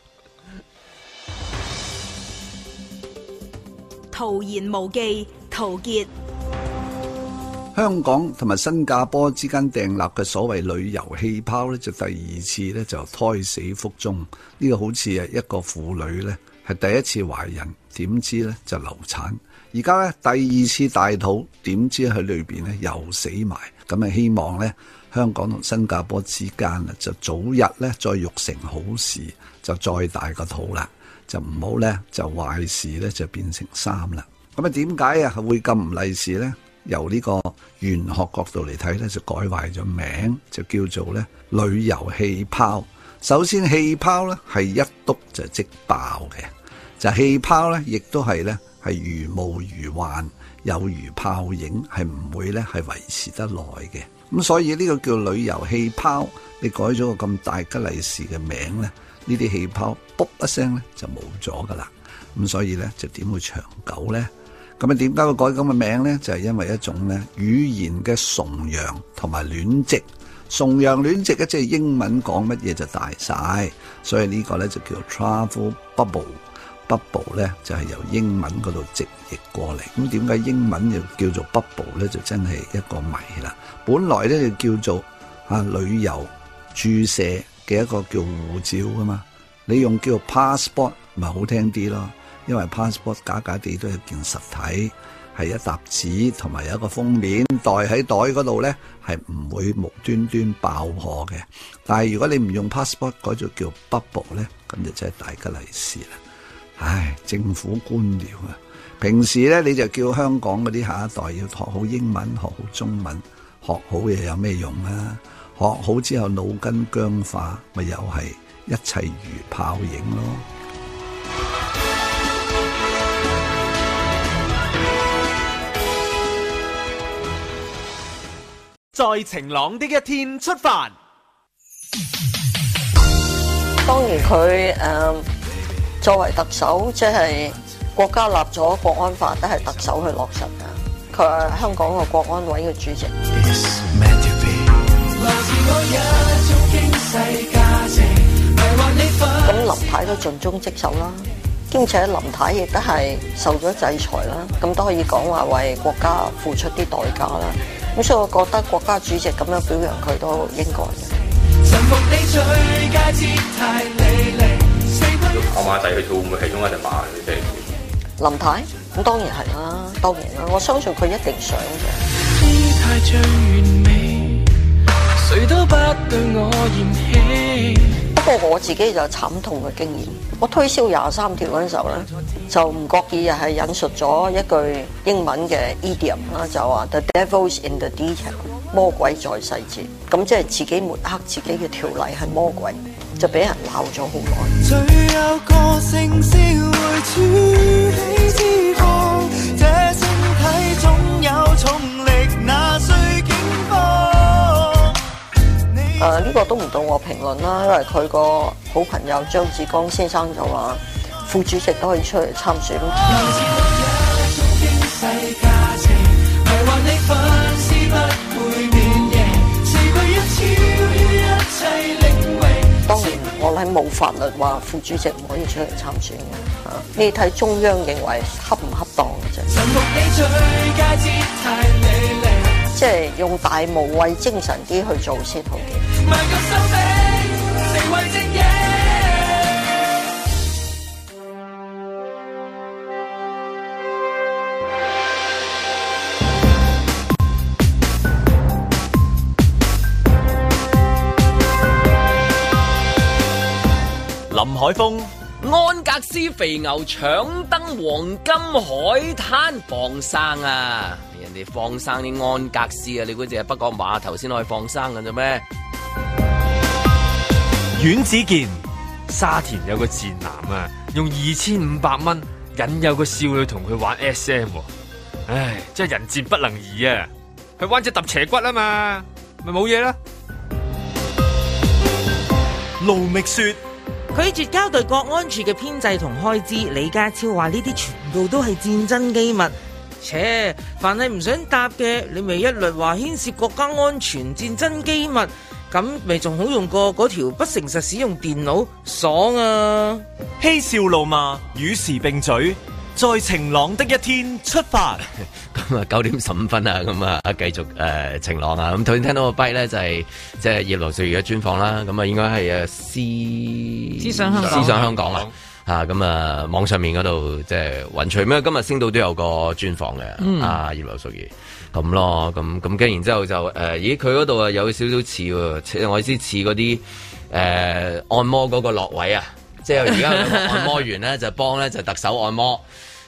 童言無忌，陶傑。香港同埋新加坡之間訂立嘅所謂旅遊氣泡咧，就第二次咧就胎死腹中。呢個好似係一個婦女咧係第一次懷孕，點知咧就流產。而家咧第二次大肚，點知喺裏邊咧又死埋。咁啊希望咧香港同新加坡之間啊就早日咧再育成好事，就再大個肚啦，就唔好咧就壞事咧就變成三啦。咁啊點解啊會咁唔利是咧？由呢個玄學角度嚟睇咧，就改壞咗名，就叫做咧旅遊氣泡。首先氣泡咧係一篤就即爆嘅，就氣泡咧亦都係咧係如霧如幻，有如泡影，係唔會咧係維持得耐嘅。咁所以呢個叫旅遊氣泡，你改咗個咁大吉利是嘅名咧，呢啲氣泡噗一聲咧就冇咗㗎喇。咁所以咧就點會長久咧？咁啊，點解會改咁嘅名咧？就係、是、因為一種咧語言嘅崇洋同埋戀殖，崇洋戀殖咧，即係英文講乜嘢就大晒，所以個呢個咧就叫做 travel bubble, bubble。bubble 咧就係、是、由英文嗰度直譯過嚟。咁點解英文又叫做 bubble 咧？就真係一個謎啦。本來咧就叫做啊旅遊注射嘅一個叫護照㗎嘛，你用叫做 passport 咪好聽啲咯。因為 passport 假假地都係件實體，係一沓紙同埋有一個封面袋喺袋嗰度咧，係唔會無端端爆破嘅。但係如果你唔用 passport 改做叫 bubble 咧，咁就真係大吉利是啦。唉，政府官僚啊，平時咧你就叫香港嗰啲下一代要學好英文、學好中文、學好嘢有咩用啊？學好之後腦筋僵化，咪又係一切如泡影咯。在晴朗的一天出發。當然他，佢、呃、誒作為特首，即係國家立咗國安法，都係特首去落實噶。佢係香港個國安委嘅主席。咁林太都盡忠職，職守啦。兼且林太亦都係受咗制裁啦，咁都可以講話為國家付出啲代價啦。咁所以，我覺得國家主席咁樣表揚佢都應該。阿馬仔，佢會唔會係中一隻馬咧？即係林太？咁當然係啦，當然啦，我相信佢一定想嘅。不過我自己就慘痛嘅經驗，我推銷廿三條嗰陣時候咧，就唔覺意又係引述咗一句英文嘅 idiom 啦，就話 the devil's in the detail，魔鬼在細節，咁即係自己抹黑自己嘅條例係魔鬼，就俾人鬧咗好耐。最有個性會處這身體總有之身誒、這、呢個都唔到我評論啦，因為佢個好朋友張志剛先生就話副主席都可以出嚟參選。啊、當然我係冇法律話副主席唔可以出嚟參選嘅嚇、啊，你睇中央認為恰唔恰當嘅啫。即係用大無畏精神啲去做先好嘅。林海峰，安格斯肥牛搶登黃金海灘放生啊！放生啲安格斯啊！你估只係北角碼頭先可以放生嘅啫咩？阮子健沙田有個賤男啊，用二千五百蚊引誘個少女同佢玩 SM，啊，唉，真係人賤不能移啊！去彎只揼斜骨啊嘛，咪冇嘢啦。盧覓雪拒絕交代國安處嘅編制同開支，李家超話呢啲全部都係戰爭機密。切，凡係唔想答嘅，你咪一律話牽涉國家安全、戰爭機密，咁咪仲好用過嗰條不誠實使用電腦，爽啊！嬉笑怒罵，與時並嘴，在晴朗的一天出發。咁 啊，九點十五分啊，咁啊，繼續誒晴朗啊。咁頭先聽到個 bite 咧，就係即係葉劉淑儀嘅專訪啦。咁啊，應該係誒思思想香港，思想香港啊。啊，咁啊，網上面嗰度即係雲翠咩？今日星島都有個專訪嘅，嗯，啊葉劉淑儀咁咯，咁咁跟然之後就誒、啊，咦佢嗰度啊有少少似喎，我意思似嗰啲誒按摩嗰個落位啊，即係而家按摩員咧 就幫咧就特首按摩，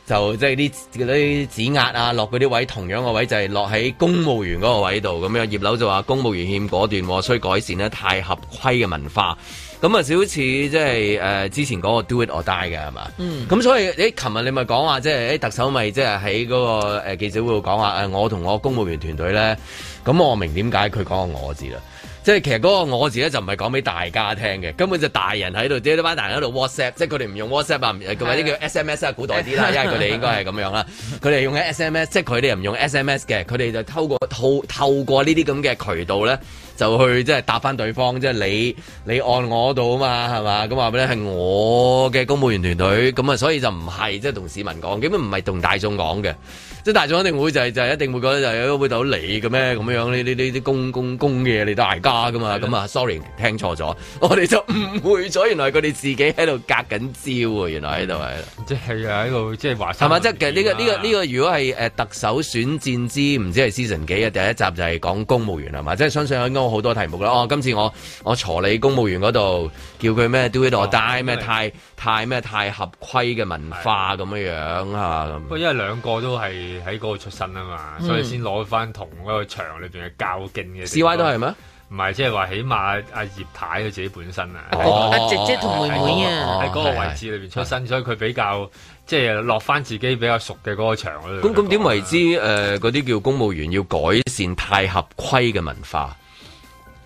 就即係啲啲指壓啊落嗰啲位，同樣個位就係落喺公務員嗰個位度，咁樣葉劉就話公務員欠果斷，需、哦、改善呢太合規嘅文化。咁啊、就是，好似即係誒之前嗰個 Do it or die 嘅係嘛？嗯。咁所以，誒琴日你咪講話，即、就、係、是欸、特首咪即係喺嗰個誒、呃、記者會度講話誒，我同我公務員團隊咧，咁我明點解佢講個我字啦？即係其實嗰個我字咧，就唔係講俾大家聽嘅，根本就大人喺度，即老闆大人喺度 WhatsApp，即係佢哋唔用 WhatsApp 啊，或者叫 SMS 啊，古代啲啦，因為佢哋應該係咁樣啦，佢哋用嘅 SMS，即係佢哋又唔用 SMS 嘅，佢哋就透過透透過呢啲咁嘅渠道咧。就去即係答翻對方，即係你你按我度啊嘛，係嘛？咁話俾你係我嘅公務員團隊，咁啊所以就唔係即係同市民講，基本唔係同大眾講嘅。即係大眾一定會就係、係、就係、一定會覺得就係會到你嘅咩咁樣？呢呢呢啲公公公嘅你都挨家㗎嘛？咁啊，sorry，聽錯咗，我哋就誤會咗，原來佢哋自己喺度隔緊招。原來喺度係，即係喺度即係話。係、呢、嘛、個？即係呢個呢、呢個呢、呢個如果係誒特首選戰之唔知係 season 幾嘅第一集，就係講公務員係嘛？即係相信應該好多題目啦。哦，今次我我鋤你公務員嗰度叫佢咩 do it or die 咩、哦嗯嗯？太太咩太合規嘅文化咁樣樣咁。不過因為兩個都係。喺嗰個出身啊嘛，所以先攞翻同一個場裡面的的，你仲嘅較勁嘅。C Y 都係咩？唔係，即係話起碼阿葉太佢自己本身啊，阿、哦啊、姐姐同妹妹啊，喺嗰個位置裏邊出身，哦、所以佢比較即係落翻自己比較熟嘅嗰個場裡面。咁咁點為之？誒，嗰啲、呃、叫公務員要改善太合規嘅文化。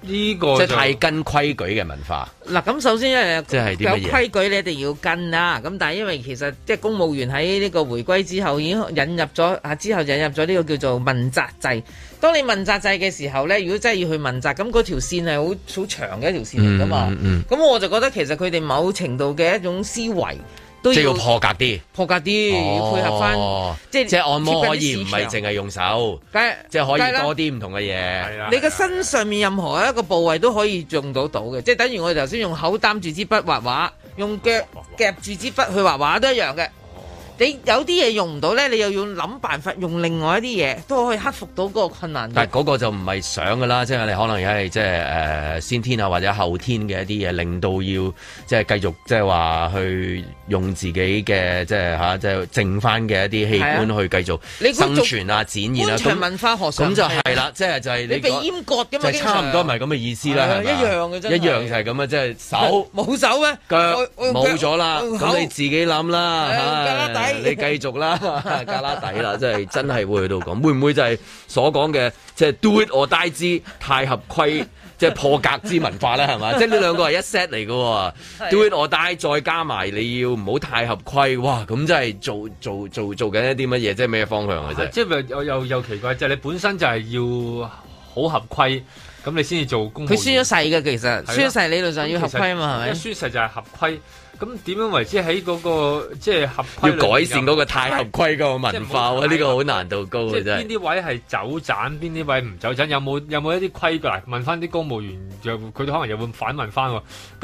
呢個即係太跟規矩嘅文化。嗱，咁首先咧，有規矩你一定要跟啦。咁但係因為其實即係公務員喺呢個回歸之後已經引入咗啊，之後引入咗呢個叫做問責制。當你問責制嘅時候咧，如果真係要去問責，咁嗰條線係好好長嘅一條線嚟㗎嘛。咁、mm -hmm. 我就覺得其實佢哋某程度嘅一種思維。即要破格啲，破格啲、哦、配合翻、就是，即即按摩可以唔係淨係用手，即、就是、可以多啲唔同嘅嘢。你嘅身上面任何一個部位都可以用到到嘅，即等於我哋頭先用口擔住支筆畫畫，用腳夾住支筆去畫畫都一樣嘅。你有啲嘢用唔到咧，你又要諗辦法用另外一啲嘢都可以克服到嗰個困難。但嗰個就唔係想噶啦，即係你可能而係即係誒先天啊，或者後天嘅一啲嘢，令到要即係繼續即係話去用自己嘅即係嚇即係剩翻嘅一啲器官去繼續生存啊、生存啊展現啊，都咁就係啦，即係就係、是、你，你被閹割咁、就是、啊，差唔多唔係咁嘅意思啦，一樣嘅啫，一樣就係咁嘅，即、就、係、是、手冇手咧，冇咗啦，咁你自己諗啦 你繼續啦，加拉底啦，即係真係會去到講，會唔會就係所講嘅即係 do it or die 之太合規，即係破格之文化咧，係嘛？ 即係呢兩個係一 set 嚟喎、啊，「do it or die 再加埋你要唔好太合規，哇！咁真係做做做做緊一啲乜嘢，即係咩方向嘅啫？即係又又又奇怪，即係你本身就係要好合規，咁你先至做公務員。佢輸咗細嘅其實，輸咗細理論上要合規啊嘛，係咪？輸細就係合規。咁點樣為之喺嗰個即係合規，合規？要改善嗰個太合規個文化喎，呢、呢個好難度高嘅啫。邊啲位係走盞，邊啲位唔走盞？有冇有冇一啲規矩？問翻啲公務員，佢哋可能又會反問翻。咁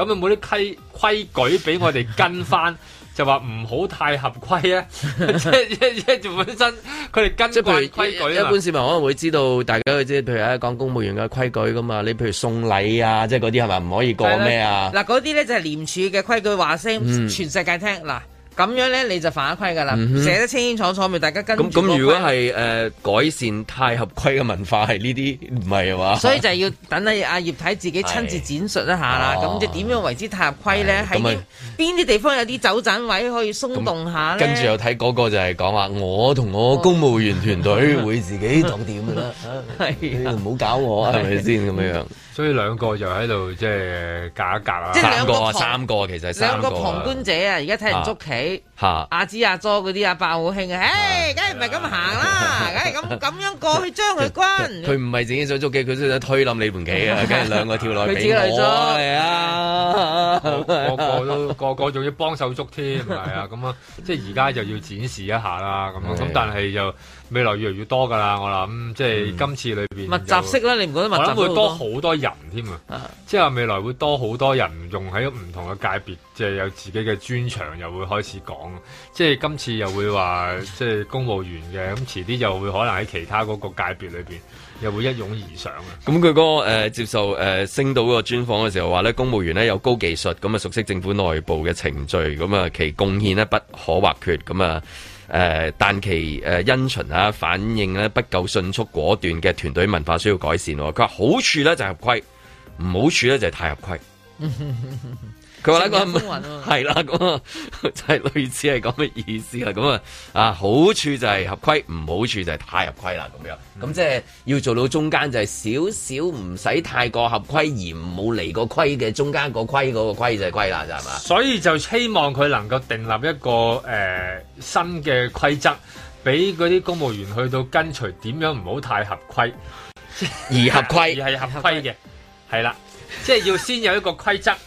有冇啲規規矩俾我哋跟翻？ 就話唔好太合規啊！ 即即即本身佢哋根據規矩 一，一般市民可能會知道，大家佢即係譬如喺講公務員嘅規矩㗎嘛，你譬如送禮啊，即係嗰啲係咪唔可以過咩啊？嗱，嗰啲咧就係廉署嘅規矩話聲，嗯、全世界聽嗱。咁樣咧你就犯規噶啦，嗯，寫得清清楚楚咪大家跟。咁咁如果係誒、呃、改善太合規嘅文化係呢啲唔係話所以就要等阿阿葉太自己親自展述一下啦，咁即點點樣為之太合規咧？係咪邊啲地方有啲走盞位可以鬆動下，跟住又睇嗰個就係講話，我同我公務員團隊會自己當點啦，係你唔好搞我係咪先咁樣？ 所以兩個就喺度即係夾一夾啦，三個啊，三個其實三個旁觀者啊，而家睇人捉棋嚇，阿芝阿 jo 嗰啲啊，阿伯好興啊，唉，梗係唔係咁行啦，梗係咁咁樣過去將佢軍。佢唔係自己想捉棋，佢都想推冧你盤棋啊，梗係兩個跳落去。佢自己捉係啊，個個都個個仲要幫手捉添，係啊，咁啊，即係而家就要展示一下啦，咁樣咁，但係又。未來越嚟越多噶啦，我諗即係今次裏邊、嗯、密集式啦，你唔覺得密集多？會多好多人添啊！即係未來會多好多人用喺唔同嘅界別，即係有自己嘅專長，又會開始講。即係今次又會話，即係公務員嘅，咁遲啲又會可能喺其他嗰個界別裏邊，又會一擁而上。咁佢嗰個誒接受誒星島個專訪嘅時候話咧，公務員呢有高技術，咁啊熟悉政府內部嘅程序，咁啊其貢獻呢不可或缺，咁、嗯、啊。誒、呃，但其誒、呃、因循啊，反應咧、啊、不夠迅速果斷嘅團隊文化需要改善、啊。佢話好處咧就係合規，唔好處咧就係太合規。 」佢話啦，咁係啦，咁啊，嗯、就係、是、類似係咁嘅意思啦。咁啊，啊好處就係合規，唔好處就係太合規啦。咁樣，咁即係要做到中間、就是，就係少少唔使太過合規，而唔好離過規嘅中間個規，嗰、那個規就係規啦，就係嘛？所以就希望佢能夠訂立一個誒、呃、新嘅規則，俾嗰啲公務員去到跟隨，點樣唔好太合規 而合規而係合規嘅，係啦，即係、就是、要先有一個規則。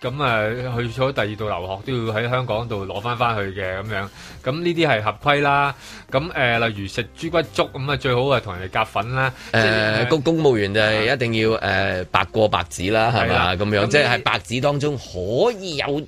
咁啊，去咗第二度留學都要喺香港度攞翻翻去嘅咁樣，咁呢啲係合規啦。咁誒、呃，例如食豬骨粥咁啊，最好係同人哋夾粉啦。誒、呃，公、就係、公務員就一定要誒、呃、白過白紙啦，係嘛咁樣，即係喺白紙當中可以有。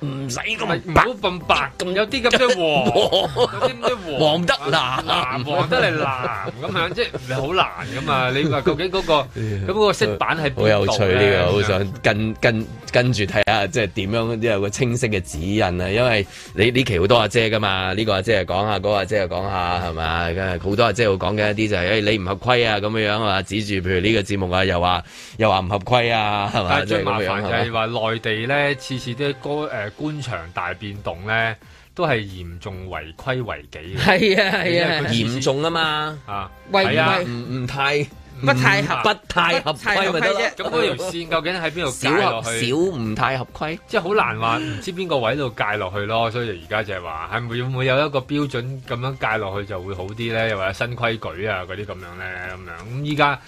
唔使咁唔好咁白，有啲咁黃，有啲咁啲黃，黃得藍，黃得嚟藍咁 樣，即係唔係好難㗎嘛。你話究竟嗰、那個咁嗰 個色板係邊好有趣呢、這個好想跟跟跟住睇下，即係點樣都有個清晰嘅指引啊！因為你呢期好多阿姐噶嘛，呢、這個阿姐講下，嗰、那個阿姐講下係咪，好多阿姐會講緊一啲就係、是欸、你唔合規啊咁樣樣啊，指住譬如呢個節目啊，又話又話唔合規啊，係咪、啊？最麻煩就係、是、話內地咧，次次都官場大變動咧，都係嚴重違規違紀嘅。係啊係啊，嚴重啊嘛啊，係啊，唔唔太不太不，不太合規。咁嗰條線究竟喺邊度介落去？少少唔太合規，即係好難話，唔知邊個位度介落去咯。所以而家就係話，係會唔會有一個標準咁樣介落去就會好啲咧？又或者新規矩啊嗰啲咁樣咧咁樣？咁依家。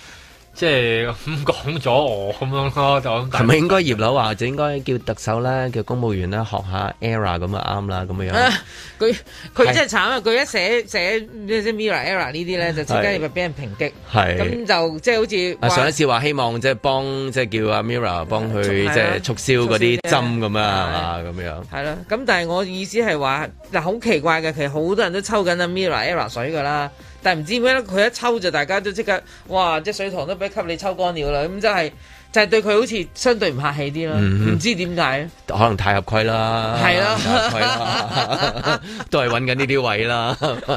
即係咁講咗我咁樣咯，就係咪應該葉劉話就應該叫特首咧，叫公務員咧學下 Error 咁啊啱啦，咁樣樣。佢佢真係慘啊！佢一寫寫 Mirror 呢啲 Mirror Error 呢啲咧，就即刻又俾人抨擊。係咁就即係、就係、好似上一次話希望即係幫即係叫阿 Mirror 幫佢即係促銷嗰啲針咁啊咁樣係咯，咁但係我意思係話嗱好奇怪嘅，其實好多人都抽緊阿 Mirror Error 水噶啦。但唔知點解咧，佢一抽就大家都即刻，哇！隻水塘都俾吸你抽乾尿啦，咁真係就係、是就是、對佢好似相對唔客氣啲咯，唔、嗯、知點解？可能太合規啦，係啦，太合規 都係搵緊呢啲位啦。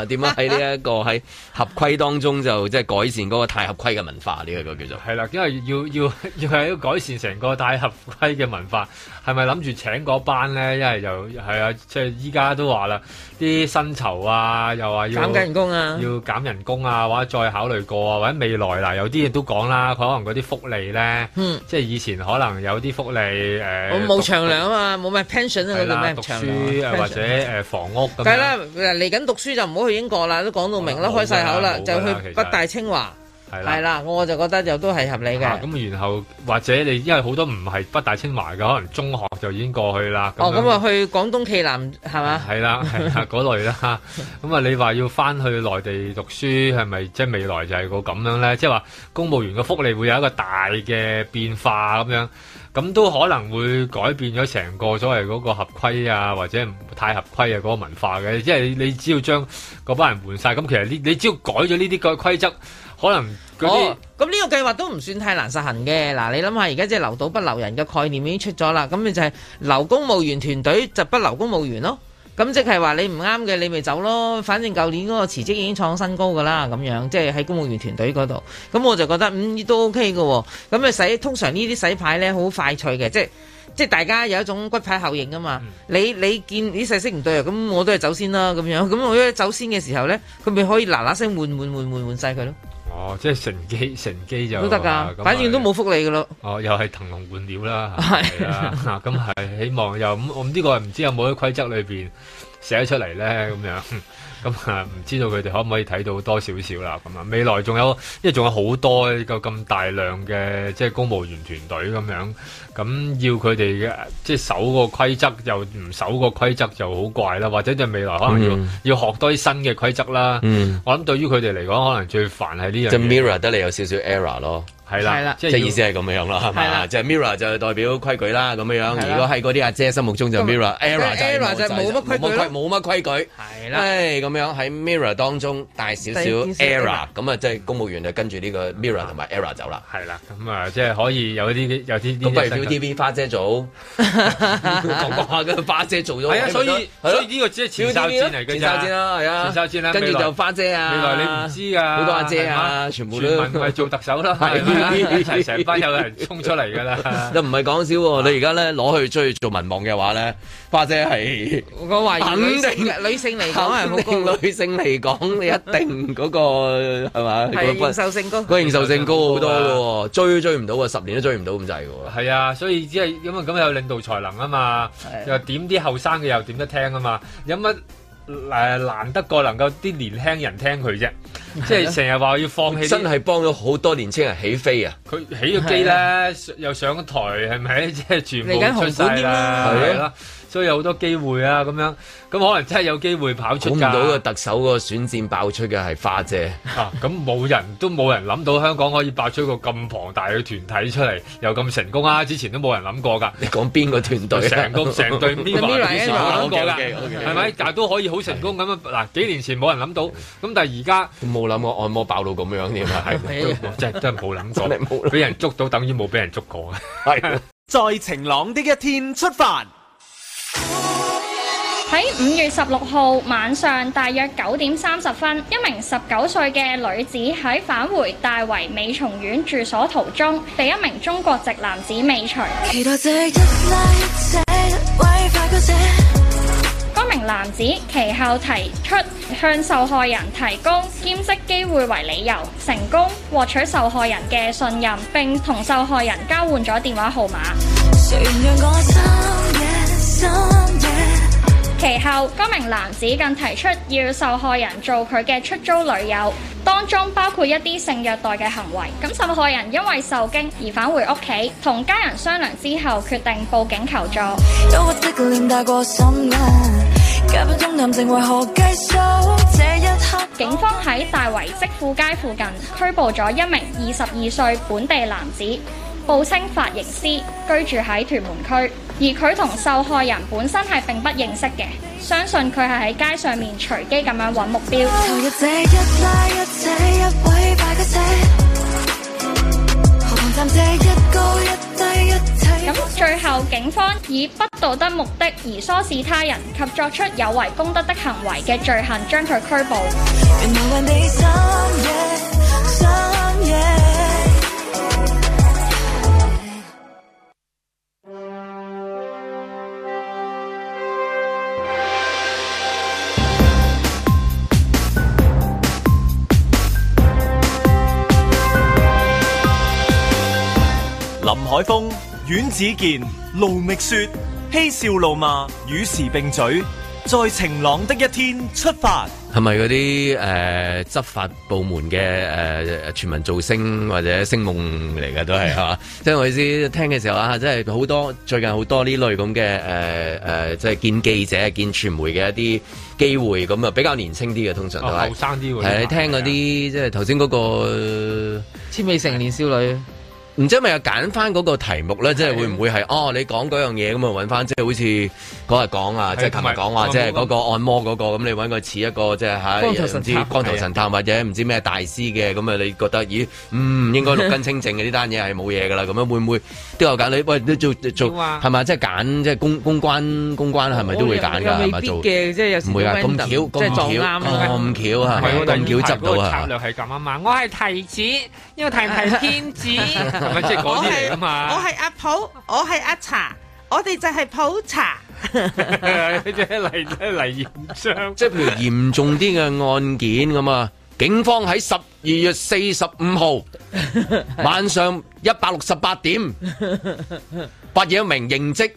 點樣喺呢一個喺合規當中就即係改善嗰個太合規嘅文化呢個、這個叫做？係啦，因為要要要係要改善成個太合規嘅文化，係咪諗住請嗰班咧？因為又係啊，即係依家都話啦。啲薪酬啊，又話要減人工啊，要減人工啊，或者再考慮過啊，或者未來嗱，有啲嘢都講啦。佢可能嗰啲福利咧、嗯，即係以前可能有啲福利、呃、我冇長糧啊嘛，冇咩 pension 啊嗰啲咩，讀書、啊、或者、呃、房屋咁。係啦，嚟緊讀書就唔好去英國啦，都講到明啦、哦，開曬口啦、啊，就去北大、清華。係啦，我就覺得就都係合理嘅。咁然後或者你因為好多唔係北大清華嘅，可能中學就已經過去啦。哦，咁啊去廣東暨南係嘛？係啦，係啦，嗰類啦嚇。咁啊，你話要翻去內地讀書，係咪即係未來就係個咁樣咧？即係話公務員嘅福利會有一個大嘅變化咁樣，咁都可能會改變咗成個所謂嗰個合規啊，或者唔太合規啊嗰個文化嘅。即係你只要將嗰班人換晒，咁其實呢，你只要改咗呢啲個規則。可能、哦，咁呢個計劃都唔算太難實行嘅。嗱，你諗下而家即係留島不留人嘅概念已經出咗啦。咁咪就係留公務員團隊就不留公務員咯。咁即係話你唔啱嘅，你咪走咯。反正舊年嗰個辭職已經創新高噶啦，咁樣即係喺公務員團隊嗰度。咁我就覺得嗯都 OK 嘅。咁啊洗通常呢啲洗牌咧好快脆嘅，即係即係大家有一種骨牌效應啊嘛。嗯、你你見呢勢色唔對呀、啊，咁我都係走，走先啦。咁樣咁我走先嘅時候咧，佢咪可以嗱嗱聲換換換換晒佢咯。哦，即係乘機，乘機就都得㗎，反、嗯、正都冇福利㗎咯。哦，又係騰籠換鳥啦，係咁係希望又咁，我唔呢個唔知有冇喺規則裏邊寫出嚟咧，咁、嗯、樣，咁啊唔知道佢哋可唔可以睇到多少少啦，咁、嗯、啊，未來仲有，因為仲有好多呢個咁大量嘅即係公務員團隊咁樣。咁、嗯、要佢哋嘅即係守個規則，又唔守個規則就好怪啦。或者就未來可能要、嗯、要學多啲新嘅規則啦。嗯、我諗對於佢哋嚟講，可能最煩係呢樣嘢。就 mirror 得你有少少 error 咯。係啦，即、就、係、是、意思係咁樣咯，係嘛？即係、就是、mirror 就代表規矩啦，咁樣樣。如果喺嗰啲阿姐心目中就 mirror，error 就冇乜、就是、規，規矩，冇乜規矩。係啦，咁樣喺 mirror 當中大少少 error，咁啊，即係、就是、公務員就跟住呢個 mirror 同埋 error 走是、啊、是啦。係、嗯、啦，咁啊，即、就、係、是、可以有啲有啲咁不如 ViuTV 花姐做，講 下花姐做咗。係啊，所以、啊、所以呢個只係前哨戰嚟㗎啫。前哨戰跟住就花姐啊，原來你唔知啊，好多阿姐啊，全部全民係做特首啦。 一齊成班友人衝出嚟噶啦，又唔係講笑喎！你而家咧攞去追做民望嘅話咧，花姐係肯定嘅。女性嚟講，肯定女性嚟講， 你一定嗰、那個係嘛？那個認受性高，個認受性高好多喎、啊，追都追唔到啊！十年都追唔到咁滯嘅喎。係啊，所以只係因為咁有領導才能啊嘛，又、啊、點啲後生嘅又點得聽啊嘛？有乜誒難得過能夠啲年輕人聽佢啫？即係成日話要放棄，真係幫咗好多年青人起飛啊！佢起咗機咧，啊、又上咗台了，係咪？即係全部出曬啦，係啦。所以有好多機會啊，咁樣咁可能真係有機會跑出。諗唔到個特首個選戰爆出嘅係花姐。嚇咁冇人都冇人諗到香港可以爆出個咁龐大嘅團體出嚟又咁成功啊！之前都冇人諗過㗎。你講邊個團隊成、啊、功？成隊 Miva 都冇諗過㗎，係咪？但係都可以好成功咁樣嗱，幾年前冇人諗到，咁但係而家冇諗過按摩爆到咁樣添啊！即係 真係冇諗過，俾 人捉到等於冇俾人捉過啊！係。在晴朗的一天出發。喺五月十六號晚上大約九點三十分，一名十九歲嘅女子喺返回大圍美松苑住所途中，被一名中國籍男子尾隨。期一該名男子其後提出向受害人提供兼職機會為理由，成功獲取受害人嘅信任，並同受害人交換咗電話號碼。嗰名男子更提出要受害人做佢嘅出租女友，當中包括一啲性虐待嘅行為。咁受害人因為受驚而返回屋企，同家人商量之後決定報警求助。 警方喺大圍積富街附近拘捕咗一名二十二歲本地男子。報稱髮型師居住喺屯門區，而佢同受害人本身係並不認識嘅，相信佢係喺街上面隨機咁樣搵目標。咁最後警方以不道德目的而唆使他人及作出有違公德的行為嘅罪行，將佢拘捕。海峰、阮子健、盧覓雪、嬉笑怒罵與時並嘴，在晴朗的一天出發，係咪嗰啲誒執法部門嘅誒、呃、全民造星或者星夢嚟嘅？都係啊？即係我意思，就是、聽嘅時候啊，即係好多最近好多呢類咁嘅誒誒，即、呃、係、呃就是、見記者、見傳媒嘅一啲機會，咁啊比較年輕啲嘅，通常都係後生啲，係、哦、你、呃、聽嗰啲，即係頭先嗰個千美成年少女。唔知係咪又揀翻嗰個題目咧，即係、啊、會唔會係哦？你講嗰樣嘢咁啊，揾翻即係好似嗰日講啊，即係琴日講話即係嗰個按摩嗰、那個咁，嗯那個、你揾個似一個即係嚇，唔知光頭神探、哎、光頭神探啊、或者唔知咩大師嘅咁啊？樣你覺得咦？嗯，應該六根清淨嘅呢單嘢係冇嘢噶啦。咁 樣會唔會都有揀你？喂，做做係咪？即係揀即係公公，公關公關係咪都會揀㗎？做唔會公、就是、公啊？咁巧咁巧啊？咁巧啊？咁巧執到啊？策略係咁啊嘛，我係提子，因為提提天子。係咪即係嗰啲嚟㗎嘛？我係阿普，我係阿茶，我哋就係普茶。即係嚟嚟驗章，即係譬如嚴重啲嘅案件咁啊！警方喺十二月四十五號晚上一百六十八點，發現一名認職。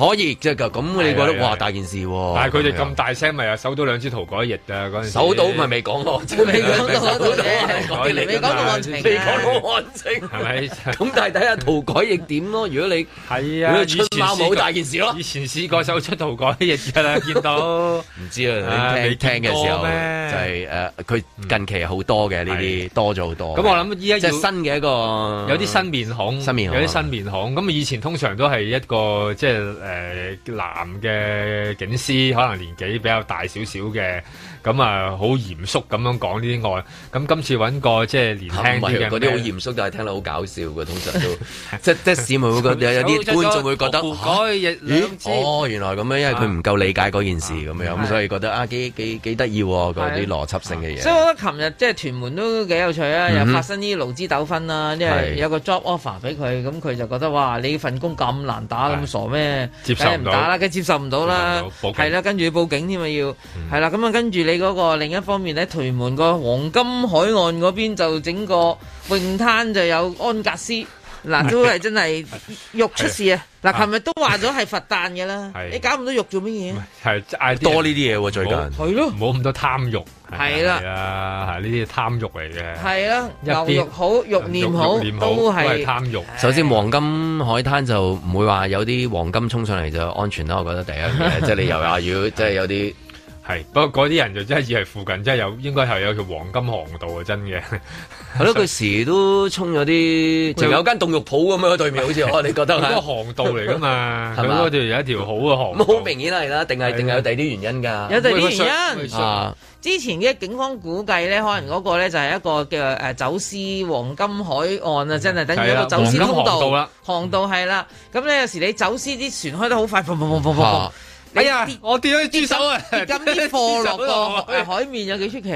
可以即係咁，你覺得哇，對對對哇大件事喎、啊！但係佢哋咁大聲，咪又收到兩支塗改液啊嗰陣時。收到咪未講喎？未講到，未講到、啊，未講到案情、啊，咁、啊啊、 不是 但係睇下塗改液點咯？如果你係啊，啊，以前冇大件事咯。以前試過手出塗改液嘅啦，見到唔 知道啊，你聽嘅時候就係、是、誒，佢、呃、近期好多嘅呢啲多咗好多。咁我諗依家要、就是、新嘅一個有啲新，新面孔，有啲新面孔。咁、啊、以前通常都係一個即係。就是誒男嘅警司，可能年紀比較大少少嘅。咁啊，好嚴肅咁樣講呢啲案，咁今次搵個即係年輕嘅嗰啲好嚴肅，但係聽到好搞笑嘅，通常都 即即市民會覺得 有啲觀眾會覺得、啊，哦，原來咁樣，因為佢唔夠理解嗰件事咁樣，咁、啊啊、所以覺得，啊，啊，啊，以覺得啊，幾幾幾得意喎！嗰啲邏輯性嘅嘢、啊啊。所以我覺得琴日即係屯門都幾有趣啊！嗯、又發生啲勞資糾紛啦，因為、啊、有個 job offer 俾佢，咁佢就覺得哇！你份工咁難打，咁、啊、傻咩？接受唔到啦，梗係接受唔到啦，係啦，跟住報警添啊、嗯，要係啦，咁、嗯、啊，跟、嗯、住。你嗰、嗰個另一方面咧，屯門個黃金海岸嗰邊就整個泳灘就有安格斯，嗱、啊、都係真係肉出事啊！嗱、啊，琴日、啊、都話咗係佛誕嘅啦、啊，你搞唔到肉做乜嘢？係嗌多呢啲嘢喎，最近係咯，唔好咁多貪肉係啦，係呢啲貪肉嚟嘅，係啦、啊，牛肉好，肉念好，念好都係貪肉。首先黃金海灘就唔會話有啲黃金沖上嚟就安全啦，我覺得第一 即係你又話要， 即係有啲。係，不過嗰啲人就真係以為附近，真係有應該係有條黃金航道啊！真嘅，係、嗯、咯，佢 時都沖咗啲，仲有間凍肉鋪咁樣對面好，好 似我你覺得係。航 道嚟噶嘛？係嘛？咁條有一條好嘅航道，好、嗯、明顯係啦，定係定係有第二啲原因噶？有第二啲原因。啊、之前嘅警方估計咧，可能嗰個咧就係一個叫誒走私黃金海岸啊，真係等於一個走私通道。航道係啦，咁咧有時你走私啲船開得好快，哎呀！我跌咗啲豬手啊，跌咁啲貨落個海面有幾出奇？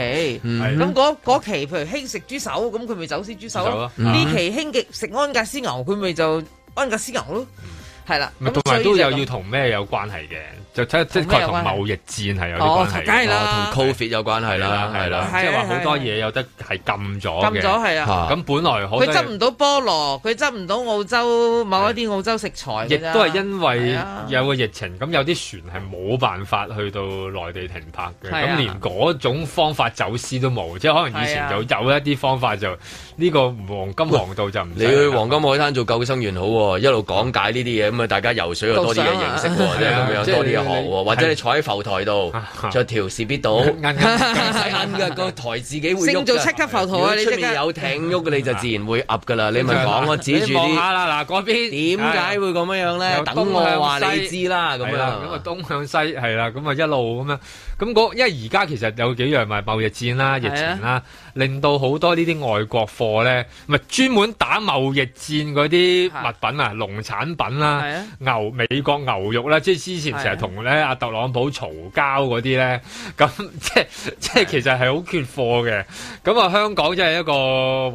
咁嗰嗰期譬如興食豬手，咁佢咪走私豬手咯？呢期興極食安格斯牛，佢咪就安格斯牛咯？係啦，同埋都有要同咩有關係嘅。就即確同貿易戰係有啲關係，同、哦哦、Covid 有關係啦，係啦，即係話好多嘢有得係禁咗禁咗係啊，咁、啊就是啊嗯、本來可佢執唔到菠蘿，佢執唔到澳洲某一啲澳洲食材、啊。亦都係因為有個疫情，咁、啊、有啲船係冇辦法去到內地停泊嘅，咁、啊、連嗰種方法走私都冇，即係可能以前就有一啲方法就呢、呢個黃金航道就唔你去黃金海灘做救生員好、啊，一路講解呢啲嘢，咁啊大家游水又多啲嘢認識，即或者你坐喺浮台度，再條士別度，硬個 台自己會喐做七級浮台你、啊、出面有艇喐嘅，你就自然會噶啦、啊。你咪講我指住啲啦、啊，嗱嗰邊點解會咁樣樣咧？等我話你知啦，咁啊東向西係啦，咁啊一路咁樣。咁因為而家其實有幾樣咪、就是、貿易戰啦、疫情啦，令到好多呢啲外國貨咧，咪專門打貿易戰嗰啲物品啊，農產品啦、啊、牛美國牛肉啦，即係之前成日同咧阿特朗普嘈交嗰啲咧，咁、啊、即、啊、即係其實係好缺貨嘅。咁啊，香港真係一個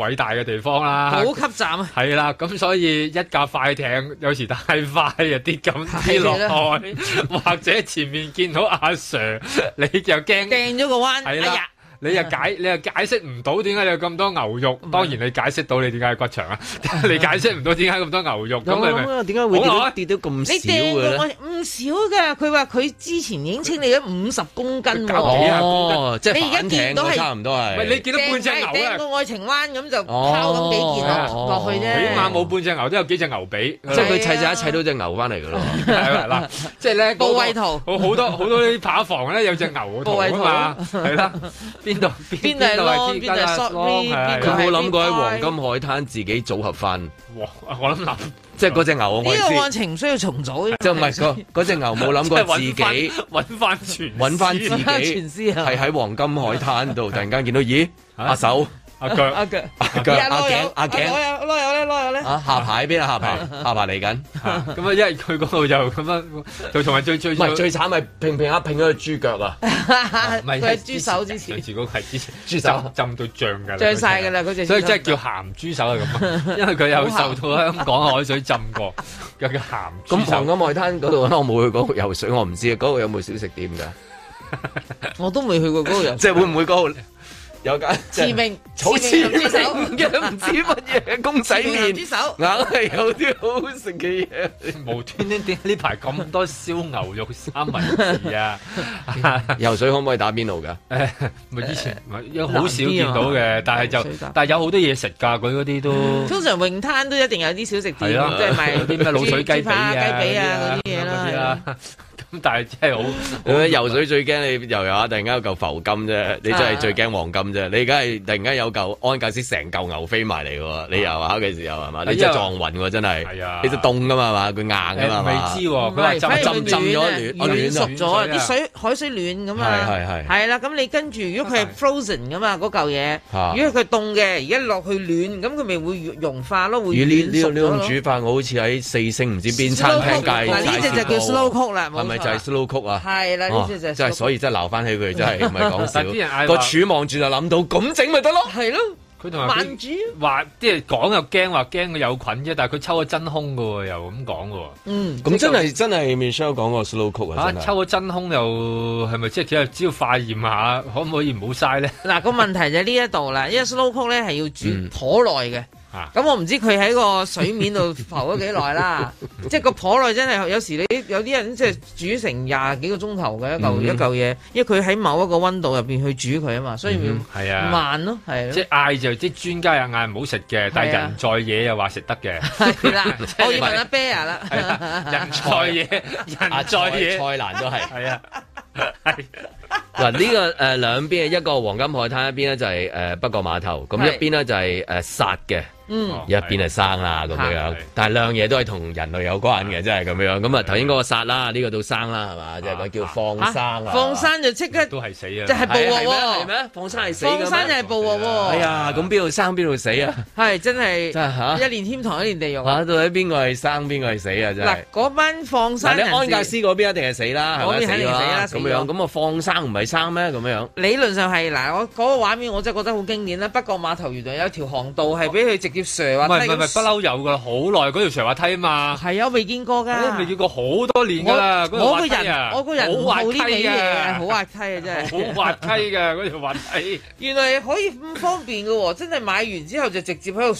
偉大嘅地方啦，好吸站啊，係啦、啊，咁所以一架快艇有時太快一啊，啲咁啲落去，或者前面見到阿 Sir。 你就驚掟咗個彎。你又解你又解釋唔到點解你有咁多牛肉？當然你解釋到你點解骨長啊？ 你解釋唔到點解咁多牛肉？咁咪點解會跌到咁、啊、少嘅咧？唔少嘅，佢話佢之前已經清理咗五十公斤喎、哦。哦，即係反艇差唔多係。唔係你見到半隻牛咧？掟個愛情灣咁就拋咁幾件落、哦、去啫。起碼冇半隻牛，都有幾隻牛髀，即係佢砌就一砌到隻牛翻嚟㗎啦。係咪即係咧部位圖，好 多好多啲扒房咧有隻牛嘅圖嘛，係啦。邊度？邊度、啊？佢冇諗過喺黃金海灘自己組合翻。我我諗諗，即係嗰隻牛。呢、這個案情需要重組。即係唔係個嗰隻牛冇諗過自己。揾翻翻自己全係喺、啊、黃金海灘度， 突然間見到，咦？阿、啊啊、手。阿腳阿腳阿腳阿頸阿頸，攞有攞有咧攞有咧，下排邊啊下排下排嚟緊，咁啊，啊因為佢嗰度就咁樣， 就仲係最最唔係最慘咪平平下平咗個豬腳啊，佢 係、啊、豬手之前，上次嗰係之前 豬手浸，浸，浸到脹噶，脹晒噶啦嗰隻，所以即係叫鹹豬手係咁啊， 因為佢有受到香港海水浸過， 叫鹹豬手。咁紅磡外灘嗰度， 我冇去嗰度游水，我唔知嗰度有冇小食店噶，我都未去過嗰度游即係會唔會嗰度？有間食麵，食麵唔知乜嘢公仔麵，硬係有啲好好食嘅嘢。無端端點呢排咁多燒牛肉三文治啊！游水可唔可以打邊路噶？咪之前，唔係有好少見到嘅，但係就但係有好多嘢食噶，佢嗰啲都通常泳灘都一定有啲小食店，即係賣啲咩滷水雞髀啊、雞髀啊嗰啲嘢咯。咁 但係真係的好， 游水最驚你遊遊下，突然間有嚿浮金啫、啊，你真係最驚黃金啫。你而家係突然間有嚿安格斯成嚿牛飛埋嚟喎，你遊下嘅時候係嘛、啊？你真係撞暈喎，真係、啊。你就凍㗎嘛，係、啊、嘛？佢硬㗎嘛。未知喎，佢話浸的浸咗暖，暖熟咗啲水海水暖咁嘛。係係係。係啦，咁你跟住如果佢係 frozen 㗎嘛，嗰嚿嘢，如果佢凍嘅，而家落去暖，咁佢咪會溶化會熟咯？會暖熟咗。以呢種煮法，我好似喺四星唔知邊餐廳嗱呢隻就叫 slow cook 啦，就係、是、slow cook 啊，係啦，即、啊、係、啊、所以真係鬧翻起佢，真係唔係講笑。 人那個柱望住就諗到咁整咪得咯，係咯。佢同埋慢煮、啊，話即係講又驚，話驚佢有菌啫。但係佢抽咗真空㗎喎，又咁講喎。嗯，咁真係、就是、真係 Michelle 講個 slow cook 啊。嚇、啊，抽咗真空又係咪即係只要化驗下，可唔可以唔好嘥咧？嗱、啊，那個問題就喺呢一度啦，因為 slow cook 咧係要煮好耐嘅。嗯咁、啊，嗯、我唔知佢喺個水面度浮咗幾耐啦，即 係個婆耐真係有時你有啲人即係煮成廿幾個鐘頭嘅一嚿、嗯嗯、一嚿嘢，因為佢喺某一個溫度入邊去煮佢啊嘛，所以慢咯，係、嗯嗯。即係嗌就啲專、就是、家又嗌唔好食嘅，但係人在野又話食得嘅。啦，我要問阿 Bear 啦。人在野、啊，人在野，蔡瀾都係。係啊，係、啊。嗱呢、 啊啊啊這個誒兩邊，一個黃金海灘，一邊呢就係、是、誒、呃、北角碼頭，咁一邊呢就係誒殺嘅。呃嗯，一邊係生啊咁樣、哦、但係兩嘢都係同人類有關嘅，真係咁樣。咁啊頭先嗰個殺啦，呢個都生啦，係嘛？即係叫放生、啊啊，放生就即刻就都死，即係暴惡喎，放生係死，放生就係暴惡喎、啊。哎呀，咁邊度生邊度死啊？係真係，真係一年天堂一年地獄、啊啊，到底邊個係生邊個係死啊？嗱，嗰、啊、班放、啊啊、放生，安格斯嗰邊一定係死啦，死啦。咁樣咁啊放生唔係生咩？咁樣理論上係嗱，我嗰、嗰個畫面我真係覺得好經典啦。不過碼頭原來有一條航道係俾佢直接。斜唔係唔係不嬲有噶啦，好耐嗰條斜滑梯啊嘛。係啊，未見過㗎。我都未見過好多年㗎啦。嗰個滑梯啊，好滑梯嘅、啊，好、啊、滑梯啊，真好滑梯㗎嗰條滑梯。 原來可以咁方便嘅喎、哦，真係買完之後就直接喺度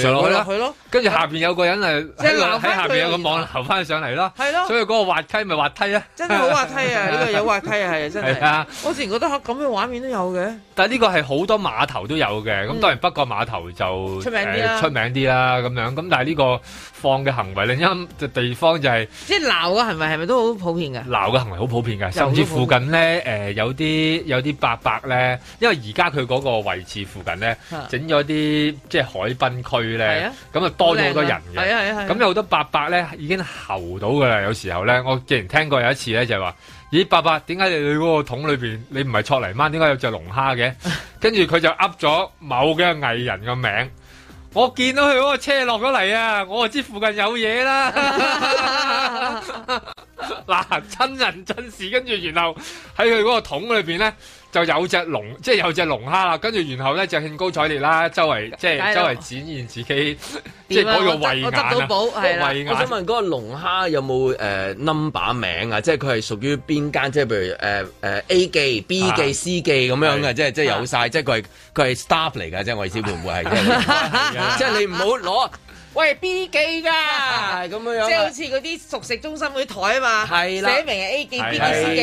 上落去咯。跟住下面有個人誒，即係喺下面有個網流翻上嚟咯。係咯。所以嗰個滑梯咪滑梯啊。真係好滑梯啊！呢個有滑梯係啊，真係。我之前覺得咁嘅畫面都有嘅。但呢個係好多碼頭都有嘅，咁當然北角碼頭就出名啲出名啲啦，咁樣咁，但係呢個放嘅行為另因就地方就係、是、即係鬧嘅行為，係咪都好普遍嘅？鬧嘅行為好普遍嘅，甚至附近咧，誒、呃、有啲有啲伯伯咧，因為而家佢嗰個位置附近咧，整咗啲即係海濱區咧，咁啊就多咗好多人嘅，咁、啊啊啊、有好多伯伯咧已經喉到噶啦。有時候咧，我既然聽過有一次咧，就係、是、話咦伯伯，點解你去嗰個桶裏邊？你唔係捉泥鯭，點解有隻龍蝦嘅？跟住佢就噏咗某幾個藝人嘅名。我見到佢嗰個車落咗嚟啊，我就知附近有嘢啦。嗱，真人真事，跟住然後喺佢嗰個桶裏面咧。就有隻龍，即係有隻龍蝦啦。跟住，然後咧就興高采烈啦，周圍即係周圍展現自己，哎、即係嗰個慧眼我得到寶，係啦。我想問嗰個龍蝦有冇誒、uh, number 名啊？ 啊即係佢係屬於邊間？即係譬如誒誒、uh, uh, A 記、B 記、C 記咁樣嘅、啊，即係即係有晒。即係佢係佢係 staff 嚟㗎。即係 我意思會唔會係？即 係你唔好攞。喂 B 幾噶、啊？即係好似嗰啲熟食中心嗰啲台啊嘛啦，寫明係 A 記、啊、B 記,記、C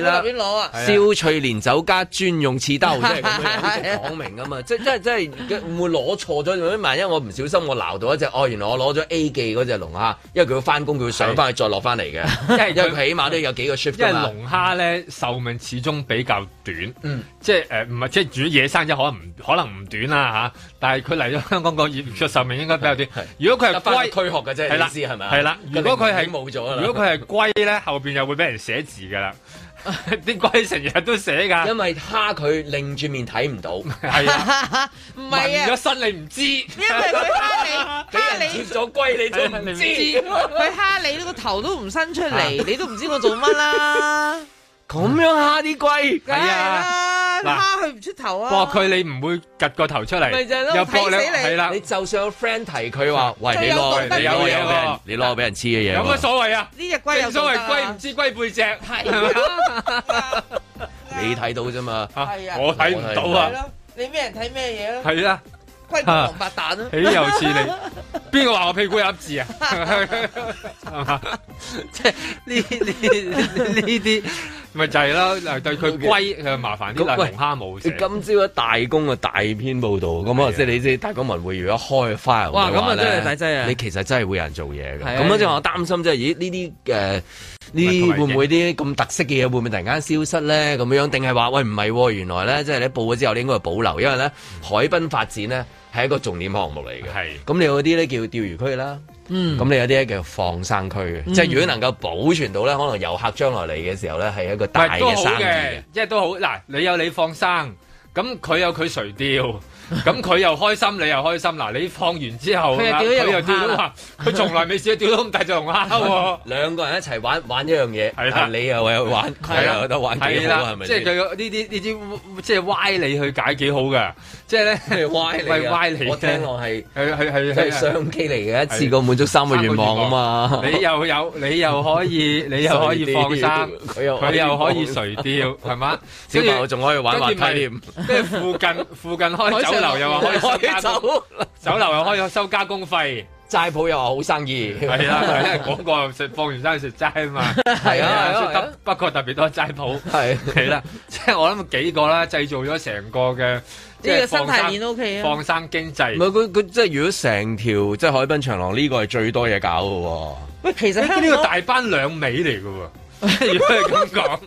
記、啊，你都隨攞啊,啊,啊。蕭翠蓮酒家專用刺兜、 啊， 即係講明啊嘛，即即即係會攞錯咗，萬一我唔小心我撈到一隻，哦，原來我攞咗 A 記嗰隻龍蝦，因為佢要翻工，佢要上翻去再落翻嚟嘅，即 係起碼都有幾個 shift 因為龍蝦咧壽命始終比較短，嗯、即係唔係即係煮野生，即可能唔可能唔短啦但係佢嚟咗香港個壽命應該比較短。如果佢係龜退學嘅啫，你唔知係咪？係啦，如果佢係冇咗，如果佢係龜咧，後邊又會俾人寫字噶啦。啲龜成日都寫噶。因為蝦佢擰住面睇唔到，係唔係啊？如果伸你唔知，因為蝦你，蝦 你脫咗龜，你就唔 不知， 你知你。佢蝦你個頭都唔伸出嚟， 你都唔知我做乜啦。咁樣蝦啲龜係啊，蝦佢唔出頭啊，搏佢你唔會趷個頭出嚟，咪就係咯，睇死你係啦，你就算 friend 提佢話，喂，你攞，你我有我你攞俾人黐嘅嘢，有乜所謂啊？呢隻龜又唔所謂，龜唔知龜背脊係你睇到啫嘛、啊啊？我睇唔到、啊、到啊！你咩人睇咩嘢咯？係啦、啊，龜王八蛋咯、啊，邊又似你？邊個話我屁股有黐字啊？即係呢呢呢啲。咪就係、是、咯，嗱對佢龜就麻煩啲，但係龍蝦冇。咁喂，今朝一大公嘅大篇報道，咁啊，即係你知大公文匯如果開 file 嘅話咧、嗯，你其實真係會有人做嘢嘅。咁啊，即係我擔心即係，咦呢啲誒呢會唔會啲咁特色嘅嘢會唔會突然間消失咧？咁樣定係話喂唔係、啊，原來咧即係你報咗之後你應該保留，因為咧海濱發展咧係一個重點項目嚟嘅。係咁你有啲咧叫釣魚區啦。嗯，咁你有啲叫放生區、嗯、即係如果能夠保存到咧，可能遊客將來嚟嘅時候咧係一個大嘅生意嘅，即係都好。嗱，你有你放生，咁佢有佢垂釣，咁 佢又開心，你又開心。嗱，你放完之後，佢又釣到，到，佢從來未試過釣到咁大隻龍蝦，啊。兩 個人一齊玩玩一樣嘢，但、啊、你又玩，佢又、嗯、玩，幾好係咪？即係對呢啲呢啲，即係、就是 就是、歪你去解幾好㗎。即係咧，Y 嚟我聽我係係係係雙 K 嚟嘅，一次過滿足三個願望啊嘛！個個 你又有，你又可以， 你又可以放生，佢又佢又可以垂釣，係嘛？小華仲可以玩玩滑梯，即 係附近 附近開酒樓又話可以開酒樓 又可以收加工費，齋 鋪又話好生意。係 啦、啊，因為嗰個食放完生食齋啊嘛。係啊, 啊,啊,啊，不過特別多齋鋪係啦，即係我諗幾個啦，製造咗成個嘅。呢個生態鏈 OK 啊，放生經濟唔係佢，佢即係如果成條即係海濱長廊，呢個係最多嘢搞㗎喎。喂，其實呢個大班兩尾嚟㗎喎， 如果係咁講。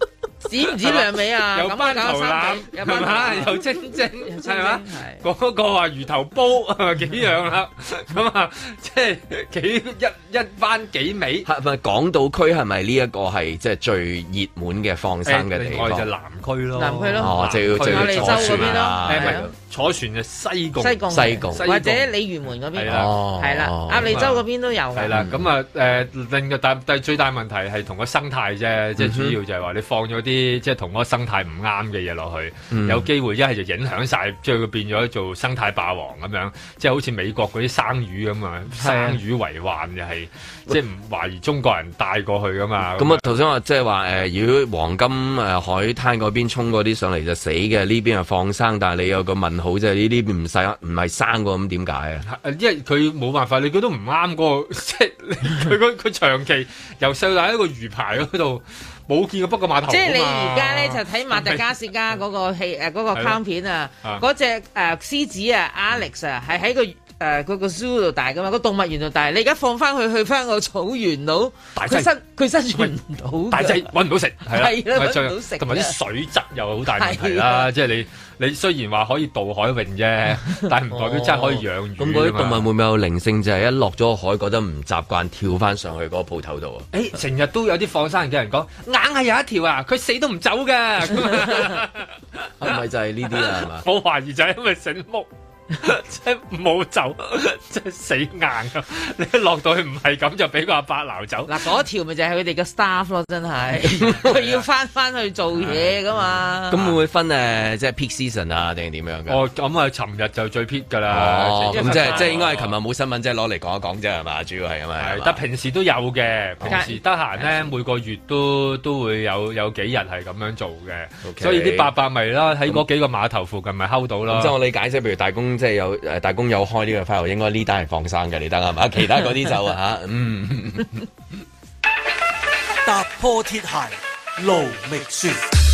止唔止兩尾啊 有？有班又籃，係有蒸蒸，係 嘛？嗰、那個話魚頭煲是不是幾樣啦，咁 啊， 即係幾一一班幾尾？係咪港島區係咪呢一個係即、就是、最熱門嘅放生嘅地方？愛、哎、就是南區咯，南區咯，或者鴨脷洲嗰邊咯、 啊是，坐船就西、是、貢，西貢，西貢，西貢，西貢，或者鯉魚門嗰邊，係、哦、啦，係、啊、啦、啊，鴨脷洲嗰邊都有。係 啦，咁啊誒，令個但但最大問題係同個生態啫，即、嗯、係主要就係話你放咗啲。啲即係同嗰個生態唔啱嘅嘢落去，有機會一係就影響晒即係佢變咗做生態霸王咁樣，即係好似美國嗰啲生魚咁啊，生魚為患又、就、係、是，即係唔懷疑中國人帶過去噶嘛？咁、嗯、啊，頭先話即係話如果黃金、呃、海灘嗰邊衝嗰啲上嚟就死嘅，呢邊啊放生，但係你有個問號、就是，即係呢邊唔係唔係生過，咁點解啊？因為佢冇辦法，你佢都唔啱個，即係佢佢長長期由細到大喺個魚排嗰度。冇見過北角碼頭，即係你而家咧，就睇馬達加斯加嗰個戲，嗰個卡通，嗰個片啊，嗰隻誒獅子啊，Alex 啊，係喺個。誒，佢個 zoo 度大噶嘛？個動物園度大，你而家放翻去去翻個草原度，佢生佢生存唔到，大制，搵唔到食，係啦，同埋啲水質又好大問題啦。即係你你雖然話可以渡海泳啫，但係唔代表真係可以養魚。咁嗰啲動物會唔會有靈性？就係一落咗海覺得唔習慣，跳翻上去嗰個鋪頭度啊？誒，成日都有啲放生嘅人講，硬係有一條啊，佢死都唔走嘅，係咪就係呢啲啊？係嘛？我懷疑就係因為醒目。 即係冇走，即係死硬啊！你落到去唔係咁，就俾個阿伯撈走。嗱、啊，嗰條咪就係佢哋嘅 staff 咯，真係 佢要翻翻去做嘢噶嘛。咁、 啊、會唔會分誒，即、就、係、是、peak season 啊，定係點樣嘅？哦，咁、嗯、啊，尋日就最 peak 噶啦。哦，咁即係即係應該係琴日冇新聞，即係攞嚟講一講啫，係嘛？主要係咁啊。係，但平時都有嘅。平時得閒咧，每個月都都會有有幾日係咁樣做嘅、okay。所以啲八百咪啦，喺嗰幾個碼頭附近咪溝到啦。即係我理解，即係譬如大公。即係有誒大工友開呢個 file，應該呢單係放生嘅，你得係嘛？其他嗰啲就 啊，嗯。 踏破鐵鞋無覓處。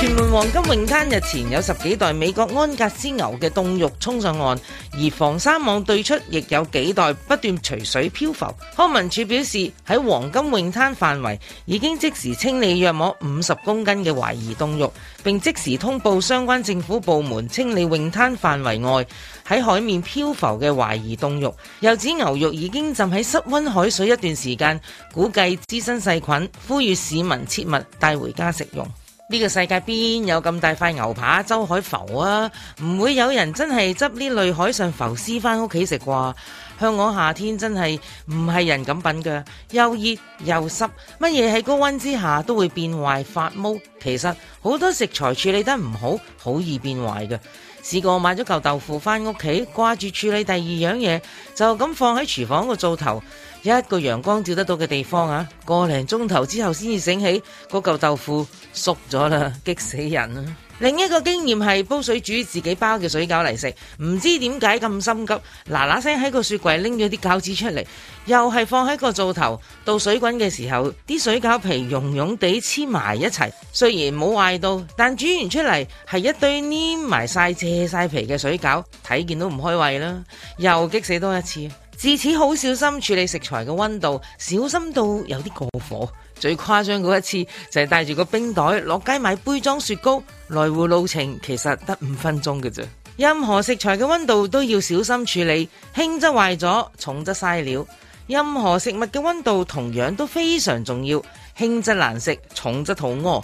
屯門黃金泳灘日前有十幾袋美國安格斯牛嘅凍肉沖上岸，而防沙網對出亦有幾袋不斷隨水漂浮。康文署表示，喺黃金泳灘範圍已經即時清理約莫五十公斤嘅懷疑凍肉，並即時通報相關政府部門清理泳灘範圍外喺海面漂浮嘅懷疑凍肉。又指牛肉已經浸喺室溫海水一段時間，估計滋生細菌，呼籲市民切勿帶回家食用。呢、這個世界邊有咁大塊牛扒周海浮啊？唔會有人真係執呢類海上浮屍返屋企食啩？香港夏天真係唔係人咁品㗎，又熱又濕，乜嘢喺高溫之下都會變壞發毛。其實好多食材處理得唔好，好易變壞嘅。試過買咗嚿豆腐返屋企，掛住處理第二樣嘢，就咁放喺廚房個灶頭，一個陽光照得到嘅地方啊，個零鐘頭之後先至醒起，嗰嚿豆腐熟咗啦，激死人啊！另一個經驗係煲水煮自己包嘅水餃嚟食，唔知點解咁心急，嗱嗱聲喺個雪櫃拎咗啲餃子出嚟，又係放喺個灶頭，到水滾嘅時候，啲水餃皮融融地黐埋一齊，雖然冇壞到，但煮完出嚟係一堆黏埋晒、謝晒皮嘅水餃，睇見都唔開胃啦，又激死多一次。自此好小心處理食材嘅溫度，小心到有啲過火。最誇張嗰一次就係帶住個冰袋落街買杯裝雪糕，來回路程其實得五分鐘嘅啫。任何食材嘅溫度都要小心處理，輕則壞咗，重則嘥料。任何食物嘅溫度同樣都非常重要，輕則難食，重則肚餓。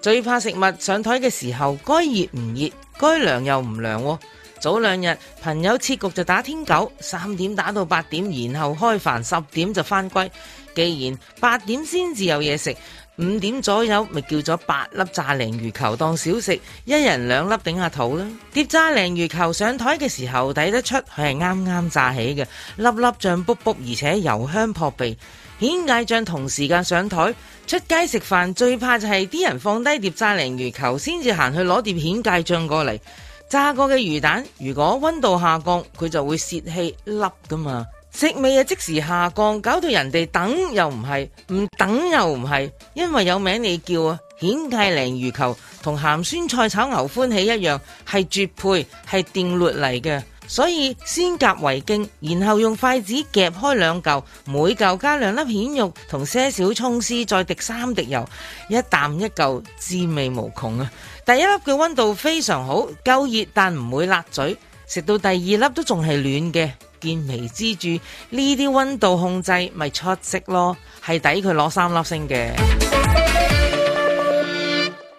最怕食物上枱嘅時候該熱唔熱，該涼又唔涼。早兩日朋友設局就打天九，三點打到八點，然後開飯十點就返歸。既然八點先至有嘢食，五點左右咪叫咗八粒炸鯪魚球當小食，一人兩粒頂下肚啦。碟炸鯪魚球上台嘅時候睇得出佢係啱啱炸起嘅，粒粒醬卜卜，而且油香撲鼻。蜆芥醬同時間上台，出街食飯最怕就係啲人放低碟炸鯪魚球先至行去攞碟蜆芥醬過嚟。炸過嘅魚蛋如果温度下降，佢就會洩氣粒㗎嘛。食味啊！即時下降，搞到人哋等又唔係，唔等又唔係，因為有名你叫啊！蜆芥鯪魚球同鹹酸菜炒牛歡喜一樣，係絕配，係定律嚟嘅。所以先夾為敬，然後用筷子夾開兩嚿，每嚿加兩粒蜆肉同些少葱絲，再滴三滴油，一啖一嚿，滋味無窮啊！第一粒嘅温度非常好，夠熱但唔會辣嘴，食到第二粒都仲係暖嘅。見微知著呢啲温度控制咪出色咯，係抵佢攞三粒星嘅。